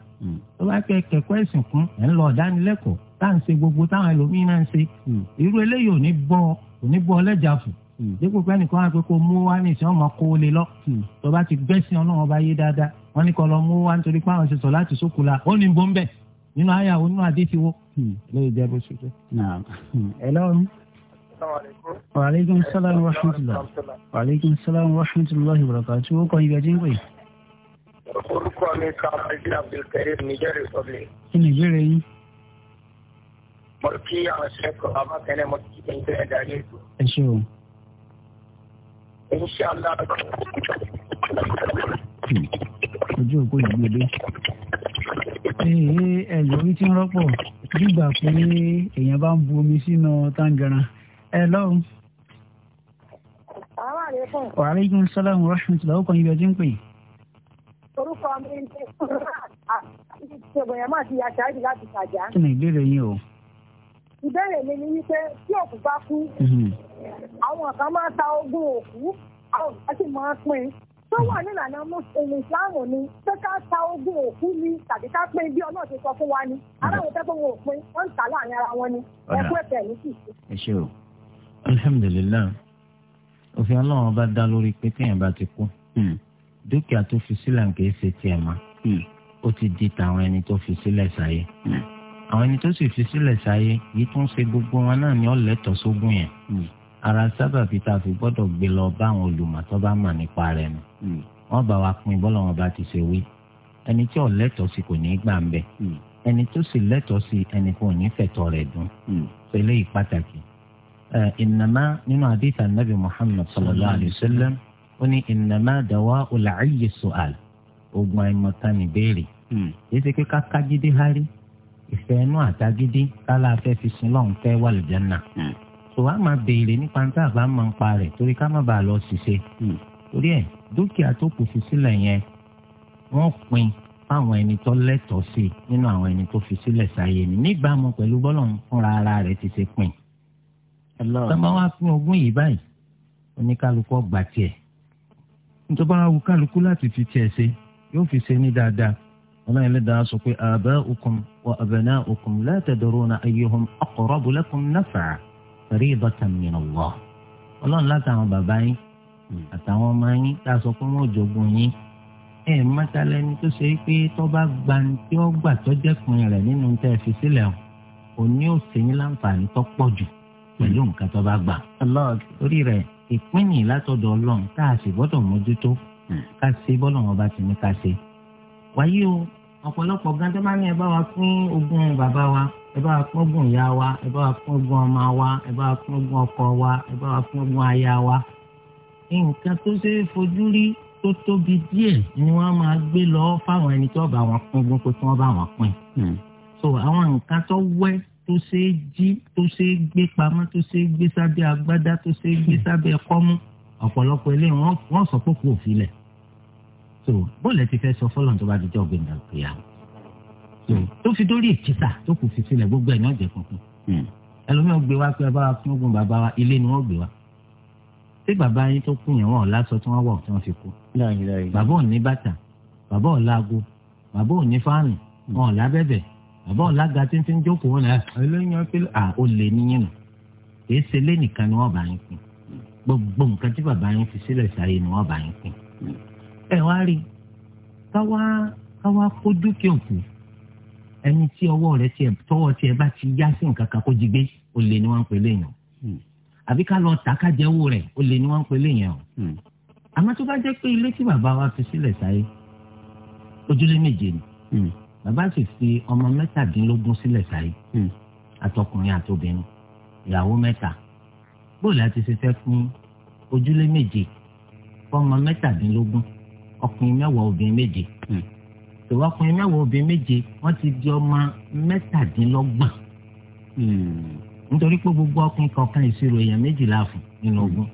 kẹ́ kẹ́kọ̀ọ́ ẹ̀sìn kún ẹ̀ ń lọ ọ̀dánilẹ́kọ̀ọ́ tá à ń ṣe gbogbo táwọn ẹlòmíín náà ń ṣe hmm. irú eléyìí ò ní bọ́ ò ní bọ́ ọlẹ́jà fún hmm. dípò pé ẹnìkan wá pé kó mú wá ní ìṣẹ́ ọmọ kó lè lọ hmm. tó bá ti gbẹ́sìn ọlọ́run ọba yé dáadáa wọ́n ní kọ́ lọ mú wá nítorí pé àwọn ṣe sọ láti sókòlá ó ní bó ń bẹ̀ nínú àyàwó nínú àdéfíwó. lóye jẹ bó ṣe jẹ. ẹ lọ́run. wàhálà aleykum salaam wa rahmatulah. wàhálà aleykum salaam wa tí ó kọ́ ibi ajé ń pè é orúkọ mi kàmájí abdulkareem niger republic. kí ni ìbéèrè yín. mo kí àwọn sẹ́kọ̀ọ́ abákẹ́lẹ́ mo kí ẹni tó yẹ darí ètò. ẹ ṣe o. inṣàlá. ojú òpó ìgbòde. ee ẹ̀jọ̀ orí tí ń rọ́pò gbígbà pé èèyàn bá ń bu omi sínú táǹgàràn ẹ lọ́rùn. wàhálà ìgbìmọ̀ sálàmù rọ́ṣùn tìlà ó kàn yín bí ọtí ń pè é orúkọ mi ń tẹ ṣègùn yẹn máa ti yà ṣáájú láti ṣàjà. kí ni ìbéèrè yín o. ìbéèrè mi ni wípé tí òkú bá kú mhm. àwọn kan máa ta ogún òkú àwọn kan sì máa pín tó wà nílànà mùsùlùmí ìsìláàmù ni pé ká ta ogún òkú ni tàbí ká pín bí ọlọ́ọ̀ ti sọ fún wa ni aláwọ̀ tẹ́ fún wọn ò pín wọ́n ń tà láàrin ara wọn ni ẹkú ẹ̀fẹ̀ ní kì í. ẹ ṣe o alhamdulilayi òfin ọlọ́run bá dá lórí pé téèyàn bá ti kú hmm dúkìá tó fi sílẹ̀ kì í ṣe tiẹ̀ mọ́ hmm. ó ti di tàwọn ẹni tó fi sílẹ̀ sáyé hmm. àwọn ẹni tó sì fi sílẹ̀ sáyé yìí tún ṣe gbogbo wọn náà ni ó lẹ́tọ̀ọ́ yẹn hmm. ara sábàbí tá a fi gbọ́dọ̀ gbé lọ bá àwọn olùmọ̀ tó bá mọ̀ nípa rẹ̀ nù wọ́n bá wa pín bọ́lá wọn bá ti ṣe wí ẹni tí ò lẹ́tọ̀ọ́ kò ní í gbà ń bẹ̀ ẹni tó sì lẹ́tọ̀ọ́ sí ẹni kò ní í rẹ̀ dùn pẹ̀lẹ́ yìí pàtàkì ìnàmá nínú àdìsá nàbì Muhammad sallallahu alayhi ó ní ìnàmá àdáwà ọ̀làáyè sọ̀àl ogun àìmọ̀tán ìbéèrè yìí hmm. ṣe pé káká gidi hárí ìfẹ́ inú àtagídí kálá afẹ́ fi sin lọ́hùn fẹ́ wà lùjánà tó hmm. wàá máa béèrè nípa ní táàbà máa ń pa rẹ̀ torí ká má bàa lọ ṣiṣẹ́ hmm. torí ẹ̀ dúkìá tó kù fi sílẹ̀ yẹn wọ́n pín fáwọn ẹni tó lẹ́tọ̀ọ́ sí i nínú àwọn ẹni tó fi sílẹ̀ sáyé ni níbàámu pẹ̀lú bọ́lọ̀ fúnra ara rẹ̀ ti ṣe pín. tọ́mọ wá pín ogún yìí báyìí oníkálukú ọgbà tiẹ̀ nítorí bá wù kálukú láti fi tiẹ̀ ṣe yóò fi ṣe ní dáadáa ọlọ́run ẹlẹ́dàá sọ pé aba'ukum wa abna'ukum la tadruna ayyuhum aqrabu lakum naf'an faridatan min Allah ọlọ́run látàwọn bàbá yín àtàwọn ọmọ yín tá a sọ pé wọn ò jogun yín ẹ mọ́tàlẹ́ni tó ṣe pé tó bá gba tó dẹ́kun rẹ̀ nínú tẹ́ fi sílẹ̀ o òní ò sẹ́yìn láǹfààní tó pọ̀ jù pẹ̀lú nǹkan tó gbà. lọ́ọ̀dù orí rẹ̀ ìpínì látọ̀dọ̀ ọlọ́run tá a sì gbọ́dọ̀ mójútó hmm. ká ṣe bọ́lọ̀ wọn bá ti ní ká ṣe. wáyé o ọ̀pọ̀lọpọ̀ gan tó bá ní ẹ bá wa pín ogún bàbá wa ẹ bá wa pín ogún ìyá wa ẹ bá wa pín ogún ọmọ wa ẹ bá wa pín ogún ọkọ wa ẹ bá wa pín ogún aya wa. nǹkan tó ṣe é fojú rí tó tóbi díẹ̀ ni wọ́n máa gbé lọ fáwọn ẹni tó bá wọn pín ogún kó tí wọ́n bá wọn pín. Hmm. so àwọn nǹkan tó wẹ́ tó ṣeé jí tó ṣeé gbé pamọ́ tó ṣeé gbé sábẹ́ agbádá tó ṣeé gbé sábẹ́ kọ́mú ọ̀pọ̀lọpọ̀ ilé wọn sọ pé kò filẹ̀ so bọ́ọ̀lù ẹ ti fẹ́ sọ fọlọ́n tó bá di jọ́ gbẹ̀ngà ìyá so tó fi dórí ìkísà tó kù fi sílẹ̀ gbogbo ẹ̀ ní ọ̀jẹ̀ kankan ẹlòmíràn gbé wá pé bá wa fún ogun bàbá wa ilé ni wọ́n gbé wa tí bàbá yín tó kú yẹn wọn ò lásọ tí wọ́n wọ̀ tí wọ́n fi kú bàbá ò bàtà bàbá ò láago bàbá ò fáànù wọn ò lábẹ́bẹ̀ àbọ̀ ọ̀làgà tí ń fi ń jókòó wọn náà ẹlẹ́yìn ọ̀pẹ̀lẹ̀ à ó lè níyìn nù kìí ṣe lé nìkan ni wọ́n bá yín pín gbogbo nǹkan tí bàbá yín fi sílẹ̀ sáyé ni wọ́n bá yín pín. ẹ wá rí káwá káwá kó dúkìá òkú ẹni tí ọwọ́ rẹ tiẹ̀ tọwọ́ tiẹ̀ bá ti yá sí nǹkan kan kó jí gbé ó lè ní wọ́n ń pè léèyàn hmm. àbí ká lọ tà ká jẹ́wó rẹ̀ ó lè ní wọ́n pè léèyàn o hmm. àmọ́ tó bá jẹ́ pé ilé tí bàbá wa fi sílẹ̀ sáyé ojúlé méje ni. Hmm bàbá sì fi ọmọ mẹ́tàdínlógún sílẹ̀ sáyé hmm. àtọkùnrin àtobìnrin ìyàwó mẹ́ta bóòlù àti ṣe fẹ́ pín ojúlé méje fọmọ mẹ́tàdínlógún ọkùnrin mẹ́wàá obìnrin méje tòwá hmm. ọkùnrin mẹ́wàá obìnrin méje wọ́n ti di ọmọ mẹ́tàdínlọ́gbọ̀n hmm. nítorí pé gbogbo ọkùnrin kọ̀ọ̀kan ìṣirò èèyàn méjìlá fún nínú ogún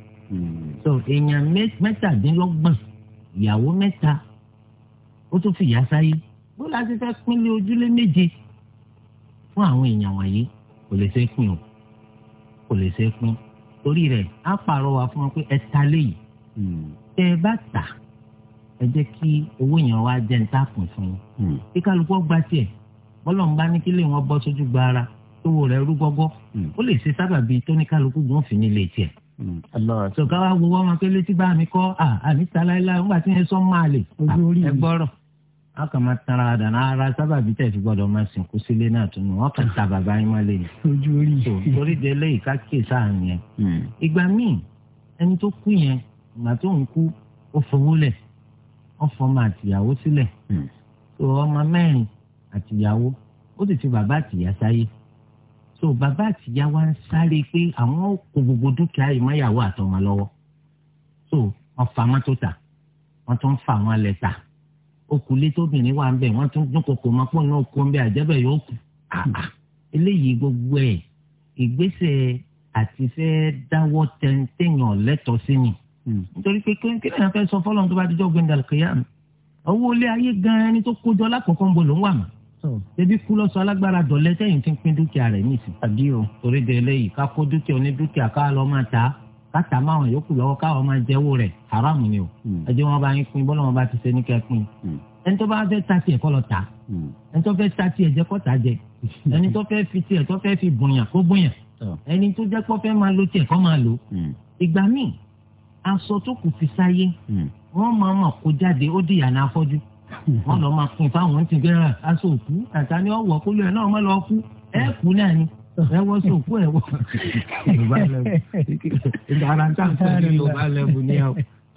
so èèyàn mẹ́tàdínlọ́gbọ̀n ìyàwó mẹ́ta ó tún fi ìyá sáyé bó la ti fẹ́ pínlẹ̀ ojúlé méje fún àwọn èèyàn wọ̀nyí kò lè ṣe pín o kò lè ṣe pín torí rẹ̀ á pàrọwà fún ọ pé ẹ ta léyìí hmm. tẹ ẹ bá tà ẹ jẹ́ kí owó yẹn wá jẹ́ ń tàkùn fún yín hmm. kí kálukú gba tiẹ̀ bọ́lọ̀ ń bá ní kílé wọn bọ́ sójú gbára tówó rẹ̀ rú gọ́gọ́ hmm. ó lè ṣe sábàbí tóníkálukú gbọ́n fi nílé tiẹ̀ sọ̀ká wa wo wọ́n máa pé létí bá mi kọ́ àní láéláé nígbà tí yẹn sọ máa lè ah, ẹ gbọ́rọ̀ a kàn máa tara àdànà ara sábàbí tẹ̀sí gbọ́dọ̀ máa sìnkú sílé náà tó nù wọ́n kàn ta bàbá yín máa lè ní. ojú orí yìí torí de eléyìí ká kíyè sáàrin yẹn. Hmm. ìgbà míì ẹni tó kú yẹn ìgbà tó ń kú ó fowó lẹ̀ ó fọmọ àtìyàwó sílẹ̀ tó hmm. ọmọ mẹ́rin àtìyàwó ó sì ti bàbá àtìyà sáyé tó bàbá àtìyà wa ń sáré pé àwọn kò gbogbo dúkìá ìmọ̀yàwó àtọmọ lọ́wọ́ ta okùnlé tóbìnrin wà ń bẹ̀ wọ́n tún dúnkokò mọ́ pọ̀ náà kó ń bẹ̀ àjẹ́bẹ̀ yóò kù. Ah, ah. eléyìí gbogbo ẹ̀ ìgbésẹ̀ àti fẹ́ dáwọ́ téèyàn lẹ́tọ̀ọ́ sí ni. Hmm. nítorí pé kí ni àfẹ́ sọ fọ́lọ́n tó bá dijọ́ gbẹ̀ndà kìyàm owó ilé ayé gan-an ẹni tó kójọ lákòókò ń bọ̀ ló ń wà mọ́. ebi kú lọ́sọ alágbára dọ̀lẹ́ tí ń pín dúkìá rẹ̀ nìsín. àbí o torí de eléyìí ká kó dúkìá onídúkìá ká lọ́ máa ta á kátà máwọn yòókù lọ́wọ́ káwọn máa jẹ́wọ́ rẹ̀ haramu ni o hmm. ẹjẹ́ wọn bá yín pin bọ́lá wọn bá ti ṣe ní kẹ́pin hmm. ẹni tó bá fẹ́ ta tiẹ̀ kọ́ lọ ta hmm. ẹni tó fẹ́ ta tiẹ̀ jẹ́ kọ́ ta jẹ ẹni tó fẹ́ fi tiẹ̀ tó fẹ́ fi bùnyàn kó bùnyàn oh. ẹni tó jẹ́ kó fẹ́ máa lo tiẹ̀ kó máa lo ìgbà míì aṣọ tó kù fi sáyé wọ́n máa mọ̀ kó jáde ó dìyà náà fọ́jú wọ́n lọ máa pin fáwọn ti gbẹ́ràn ah, aṣọ òkú àtàní ọ̀wọ́ kólú ẹ̀ náà má lọ kú ẹ̀ kú náà ni ẹ wọ sòfò ẹ wọ yorùbá lẹbù ara ń tàn fún yorùbá lẹbù ní ẹ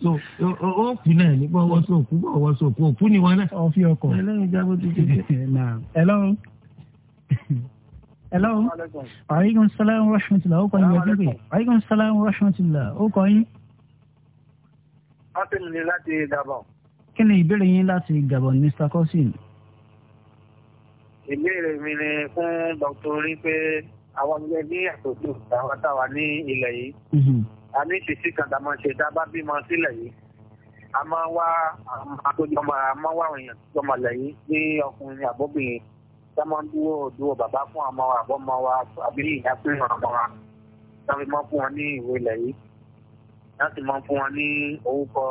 so o kú náà nípa ọwọ sòfò bọ ọwọ sòfò òkú ni wọn náà. ọfi ọkọ ẹlẹ́yin jábọ̀ tó ti dé. hello. hello. aleykum salaam wa rahmatulah ó kọ́ yín wọ́n pípé aleykum salaam wa rahmatulah ó kọ́ yín. wọ́n ti nìyí láti Gabon. kí ni ìbéèrè yín láti Gabon Mr. Cousin ìbéèrè mi ni fún dr orí pé àwọn ọmọ ẹbí àtòkù àwọn táwa ní ilẹ̀ yìí mhm. a ní ṣìṣì kan tá a máa ṣe tá a bá bímọ sílẹ̀ yìí a máa wá àtòjọmọ a máa wá àwọn èèyàn tó mọ̀lẹ̀ yìí ní ọkùnrin àbóbìnrin tá a máa ń dúró dúró bàbá fún àmọ́ àbọ́mọ wa àbí ìyá fún àmọ́ wa tá a fi máa fún wọn ní ìwé ilẹ̀ yìí láti máa fún wọn ní orúkọ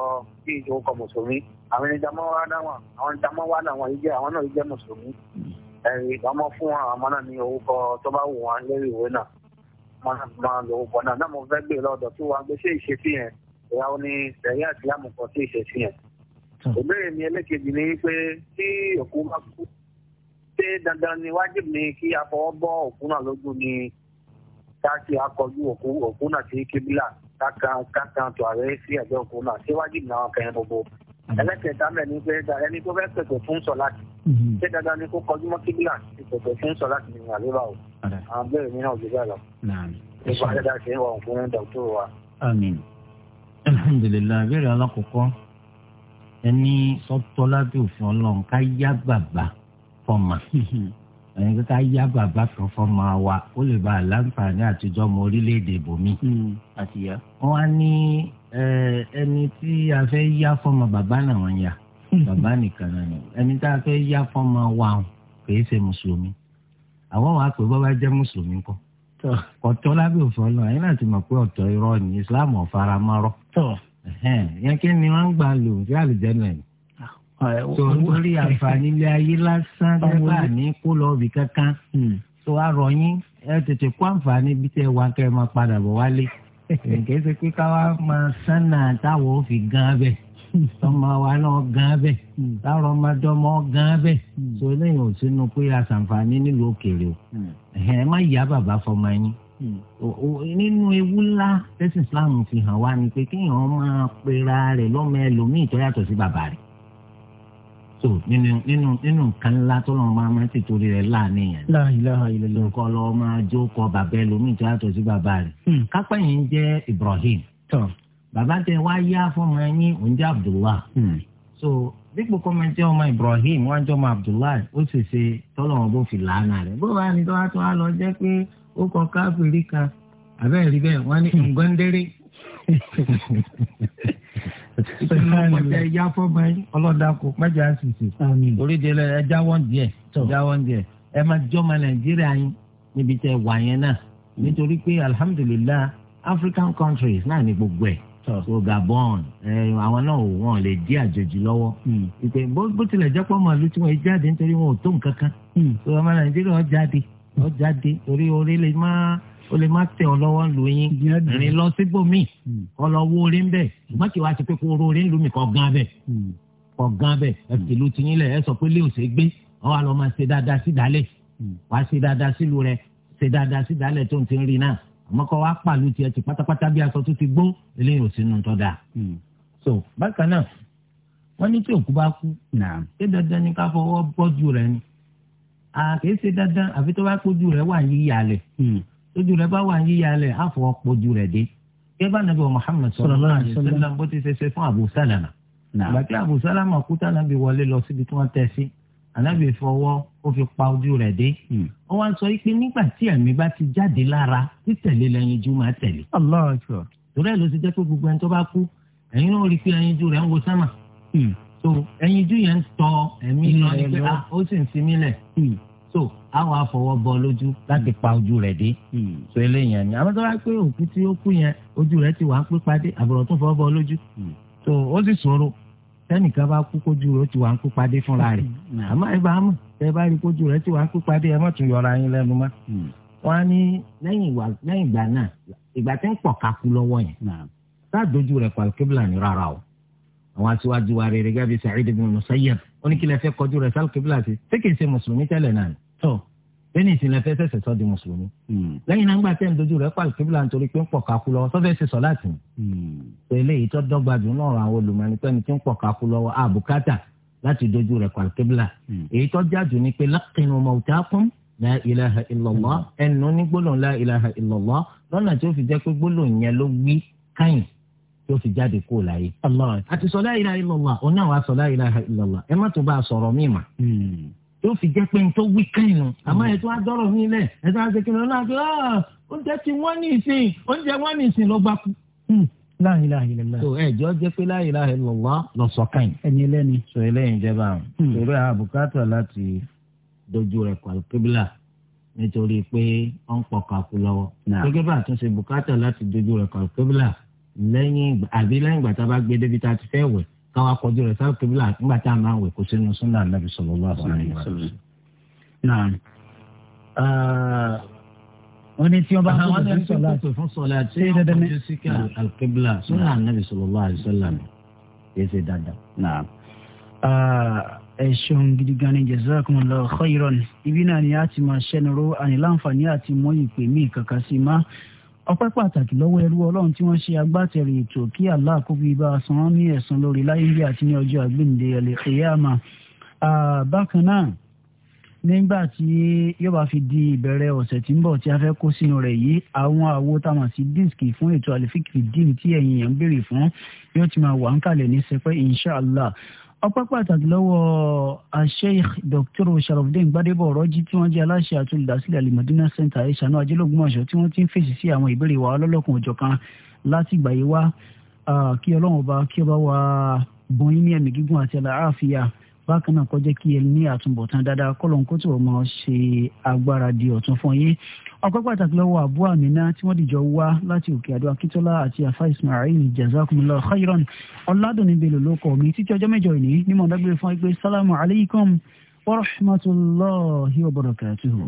bíi orúkọ mùsùlùmí àwọn ẹni máa wá náwọn àwọn ẹni máa wá náwọn yìí jẹ́ àwọn náà yìí jẹ́ mùsùlùmí. ẹ̀rí ọmọ fún àwọn amana ní orúkọ tó bá wù wọ́n lórí ìwé náà ọmọ náà máa lo orúkọ náà náà mo fẹ́ gbé e lọ́dọ̀ tí wọ́n gbé ṣé ìṣesí yẹn ìyá ó ní ẹ̀rí àti sí ìṣesí yẹn. ìbéèrè mi ẹlẹ́kejì ni pé tí òkú dandan ni ni kí a fọwọ́ bọ́ òkú náà lójú ni ká kí kọjú òkú òkú náà sí kan tó àrẹ sí òkú náà ṣé náà Mm-hmm. ẹlẹ́kẹ̀ẹ́ta mẹ́ ni pé ẹni tó fẹ́ pẹ̀pẹ̀ fún sọ̀láàtì mm-hmm. ṣé dandan ni kó kọjú mọ́ kíbílà ti pẹ̀pẹ̀ fún sọ̀láàtì ní àlébà o àwọn bẹ́ẹ̀ mi náà gbégbá lọ. nípa ẹ̀dá ṣe ń wà fún dọ̀tò wa. àmín alhamdulilayi abẹ́rẹ́ alákọ̀ọ́kọ́ ẹni sọ́tọ́ lábẹ́ òfin ọlọ́run ká yá bàbá fọ́mà mm-hmm. ẹni ká yá bàbá kan fọ́mà wa ó lè bá àlàǹfààní àtijọ́ mọ orílẹ̀-èdè bòmí. àtìyá wọn á ní Eh, ẹni tí a fẹ́ yá fọ́mọ bàbá náà wọ́n yá bàbá nìkan náà ni ẹni tá a fẹ́ yá fọ́mọ wa kì í ṣe mùsùlùmí àwọn wàá pè bọ́ bá jẹ́ mùsùlùmí kọ́ ọ̀tọ̀ lábẹ́ òfin ọlọ́run ẹ̀yin náà ti mọ̀ pé ọ̀tọ̀ irọ́ ni islam ọ̀fara mọ́rọ́. yẹn kí ni wọ́n ń gbà lò sí àlùjẹ́nà yìí. tó lórí àǹfààní ilé ayé lásán dábàá ní kó lọ ibì kankan. tó hmm. a rọ yín ẹ tètè kó àǹfààní bí tẹ wá kẹ́ ẹ máa padà bọ̀ wálé kì í ṣe pé káwa máa sánà táwọn ò fi gan abẹ tọmọ wa náà gan abẹ táwọn ọmọdọmọ gan abẹ tó lẹ́yìn ò sínú pé aṣàǹfààní nílùú òkèèrè o ẹ má yá bàbá fọmọ yín nínú ewu ńlá tẹsí islam fi hàn wá ni pé kéèyàn máa pera rẹ̀ lọ́mọ ẹlòmíì tó yàtọ̀ sí bàbá rẹ̀ so nínú nínú nínú nǹkan ńlá tó lọ́n máa máa ti torí rẹ̀ láàánú yẹn. la ilaha illallah. nǹkan lọ máa jó kọ bàbá ẹlòmíì tó yàtọ̀ bàbá rẹ̀. Hmm. kápẹ́ yìí ń jẹ́ Ibrahim. tọ́ bàbá tẹ wá yá fọmọ ẹyin oúnjẹ Abdullah. Hmm. so dípò kọ́mẹ́ntì ọmọ Ibrahim wọ́n jọ ọmọ Abdullah ó sì ṣe tọ́lọ̀ wọn bó fi làánà rẹ̀. bó wàá ní tó wá tó wá lọ jẹ́ pé ó kọ káfíìrì kan àbẹ́ẹ̀rí bẹ́ẹ̀ wọ́n ní ngọ́ndéré. ìṣúná ọmọdé ẹ̀yà fọ́mọ yín ọlọ́dàkọ mẹ́jọ àṣìṣe orídìílẹ̀ ẹja wọ́n díẹ̀ ẹja wọ́n díẹ̀ ẹ máa jọ́mọ nàìjíríà yín níbi tẹ wà yẹn náà nítorí pé alhamdulilah african countries náà ní gbogbo ẹ̀ so Gabon àwọn náà wọn lè dí àjòjì lọ́wọ́ ìpè hmm. bó tilẹ̀ jẹ́ pọ́ màálù tí wọ́n jáde nítorí wọn ò tó nǹkan kan hmm. so ọmọ nàìjíríà ọ jáde ọ jáde torí orílẹ̀ máa o lè má tẹ ọ lọ́wọ́ lu yín rìn lọ síbòmí hmm. kọ lọ wo orí ń bẹ hmm. má kí wàá ti pé kó ro orí ń lu mi kọ gan bẹ hmm. kọ gan bẹ ẹ tìlú tiyín lẹ ẹ sọ pé lé òsè gbé ọ wà lọ máa ṣe dáadáa sí dálẹ̀ wàá ṣe dáadáa sílùú rẹ ṣe dáadáa sí dálẹ̀ tó ń ti rìn náà àmọ́ kọ wàá pàlù tiẹ̀ ti pátápátá bí aṣọ tó ti gbó eléyìí ò sínú tó dáa. so bákan náà wọ́n ní tí òkú bá kú ṣé dandan ni ká fọwọ́ bọ́jú rẹ ni àkèé ṣe dandan àfi tó bá kójú rẹ wà ní ìyàlẹ̀ tójú rẹ bá wà yíya lẹ á fọ pojú rẹ dé kí bá nàbẹ Muhammad sallallahu alaihi wasallam bó ti ṣẹṣẹ fún Abu Salama gbàtí Abu Salama kúta nàbẹ wọlé lọ síbi tí wọn tẹ sí anábì fọwọ́ ó fi pa ojú rẹ̀ dé. Hmm. ó wá sọ pé nígbà tí ẹ̀mí bá ti jáde lára títẹ̀lé lẹ́yìn jù máa tẹ̀lé. torí ẹ̀ ló ti jẹ́ pé gbogbo ẹni tó bá kú ẹ̀yin náà rí i pé ẹyin jù rẹ̀ ń wo sánmà. Hmm. ẹyin jù yẹn ń tọ ẹ̀mí lọ ní ah, ó sì ń sinmi lẹ̀. Hmm so àwọn afọwọ́ bọ lójú láti pa ojú rẹ̀ dé hmm. so eléyàn ni àwọn tó bá pé òkú tí ó kú yẹn ojú rẹ̀ ti wà ń pé padé àbúrò tó fọwọ́ lójú hmm. so ó sì ṣòro tẹnìkan bá kú kójú rẹ̀ ó ti wà ń pé padé fúnra rẹ̀ hmm. àmọ́ ẹ bá mọ̀ tẹ bá rí kójú rẹ̀ ti wà ń pé padé ẹ má tún yọra yín lẹ́nu mọ́ wọn á ní lẹ́yìn ìgbà náà ìgbà tí ń pọ̀ kakú lọ́wọ́ yẹn sáàdójú rẹ̀ pàlùkébìlà ní rárá o àwọn aṣíwájú wa rere gẹ́gẹ́ bí Sa'id ibn Musayyab oníkìlẹ̀ fẹ́ kọjú rẹ̀ sálùkébìlà sí ṣé kìí ṣe mùsùlùmí tẹ́lẹ̀ náà ni tó bẹ́ẹ̀ ni ìsinmi ẹ̀fẹ́ sẹ̀sẹ̀ sọ di mùsùlùmí. Hmm. lẹ́yìn náà ń gbà tẹ́ ń dojú rẹ̀ pàlù kíbla nítorí pé ń pọ̀ kakú lọ́wọ́ sọ́fẹ́ ṣe sọ láti mú. Hmm. pẹ̀lẹ́ èyí tó dọ́gba jù náà àwọn olùmọ̀ọ́ni pẹ́ni tí ń pọ̀ kakú lọ́wọ́ àbùkátà láti dojú rẹ̀ pàlù kíbla. Hmm. èyí tó jáde ni pé lákìnnú mọ̀ọ́tàkùn la ilaha illallah ẹnu ní gbólóhùn la ilaha illallah lọ́nà tí ó fi jẹ́ pé gbólóhùn yẹn ló wí káyìn tí ó fi jáde kó láyé. àti sọ la ilaha illallah òun náà wàá sọ la ilaha illallah ẹ má tún bá yóò fi jẹ́ pé n tó wí kẹ́yìn nù àmọ́ mm. ẹ̀ tó wá dọ́rọ̀ fún ilẹ̀ ẹ̀ tó wá ṣe kìnìún náà pé oúnjẹ tí wọ́n ní ìsìn oúnjẹ wọ́n ní ìsìn ló gbà kú. Hmm. la ilaha illallah. tó ẹjọ́ jẹ́ pé la ilaha illallah lọ sọ kàn. ẹni ẹlẹ́ni. sọ ẹlẹ́yin jẹba torí àbùkátà láti dojú rẹ̀ kọ kíbílà nítorí pé ó ń pọ̀ kàkú lọ́wọ́. gẹ́gẹ́ bá àtúnṣe hmm. bùkátà láti dojú rẹ̀ kọ kíbílà lẹ́yìn àbí lẹ́yìn ìgbà tá a bá gbé débi tá a ti fẹ́ wẹ̀ káwọn akọjú rẹ̀ sáà kébìlà nígbà tá a máa wẹ̀ kó sínú súnà nàbì sallallahu alaihi na ah, wọ́n ní tí wọ́n bá kó fún sọ̀lá tí wọ́n kọjú sí kébìlà súnà nàbì sallallahu alaihi wasallam yìí ṣe dáadáa. Ah, ẹ ṣeun gidi gan ni jazakumullahu khairan ibi náà ni a ti máa ṣẹnu ró àní láǹfààní àti mọ́yìn pèmí kankan sí máa ọpẹ́ pàtàkì lọ́wọ́ ẹrú ọlọ́run tí wọ́n ṣe agbátẹrù ètò kí Allah kó fi bá a san án ní ẹ̀san lórí láyé bí àti ní ọjọ́ àgbéǹde ẹ̀lẹ́ kíyámà. bákan náà nígbà tí yóò bá fi di ìbẹ̀rẹ̀ ọ̀sẹ̀ tí ń bọ̀ tí a fẹ́ kó sínú rẹ̀ yìí àwọn àwo táwọn sí díìskì fún ètò àlefíkì díìmù tí ẹ̀yin èèyàn ń béèrè fún yóò ti máa wà ń kalẹ̀ ní sẹpẹ́ insha ọpẹ́ pàtàkì lọ́wọ́ Sheikh Dr. Sharafdin Gbadebo Ọ̀rọ̀jì tí wọ́n jẹ́ aláṣẹ àti olùdásílẹ̀ center ìṣànú ajẹ́lógúnmọ̀ṣọ́ tí wọ́n ti ń fèsì sí àwọn ìbéèrè wa ọlọ́lọ́kùn òjọ̀kan láti ìgbà wá kí ọlọ́run ọba kí ọba wa bùn yín ní ẹ̀mí gígùn àti àlàáfíà bákan náà kọjá kí ẹ ní àtúbọ̀tán dáadáa kọ́lọ́n kó tí wọ́n máa ṣe agbára di ọ̀tún fún yín. ọpẹ́ pàtàkì lọ́wọ́ àbú àmínà tí wọ́n dìjọ wá láti òkè àdó akíntola àti afa ismail jazakumullah khairan ọ̀làdùnní bello ló kọ́ mi títí ọjọ́ mẹ́jọ ìní ní mọ̀ dágbére fún ẹgbẹ́ sálámù alaykum wa rahmatulahi wa barakatuhu.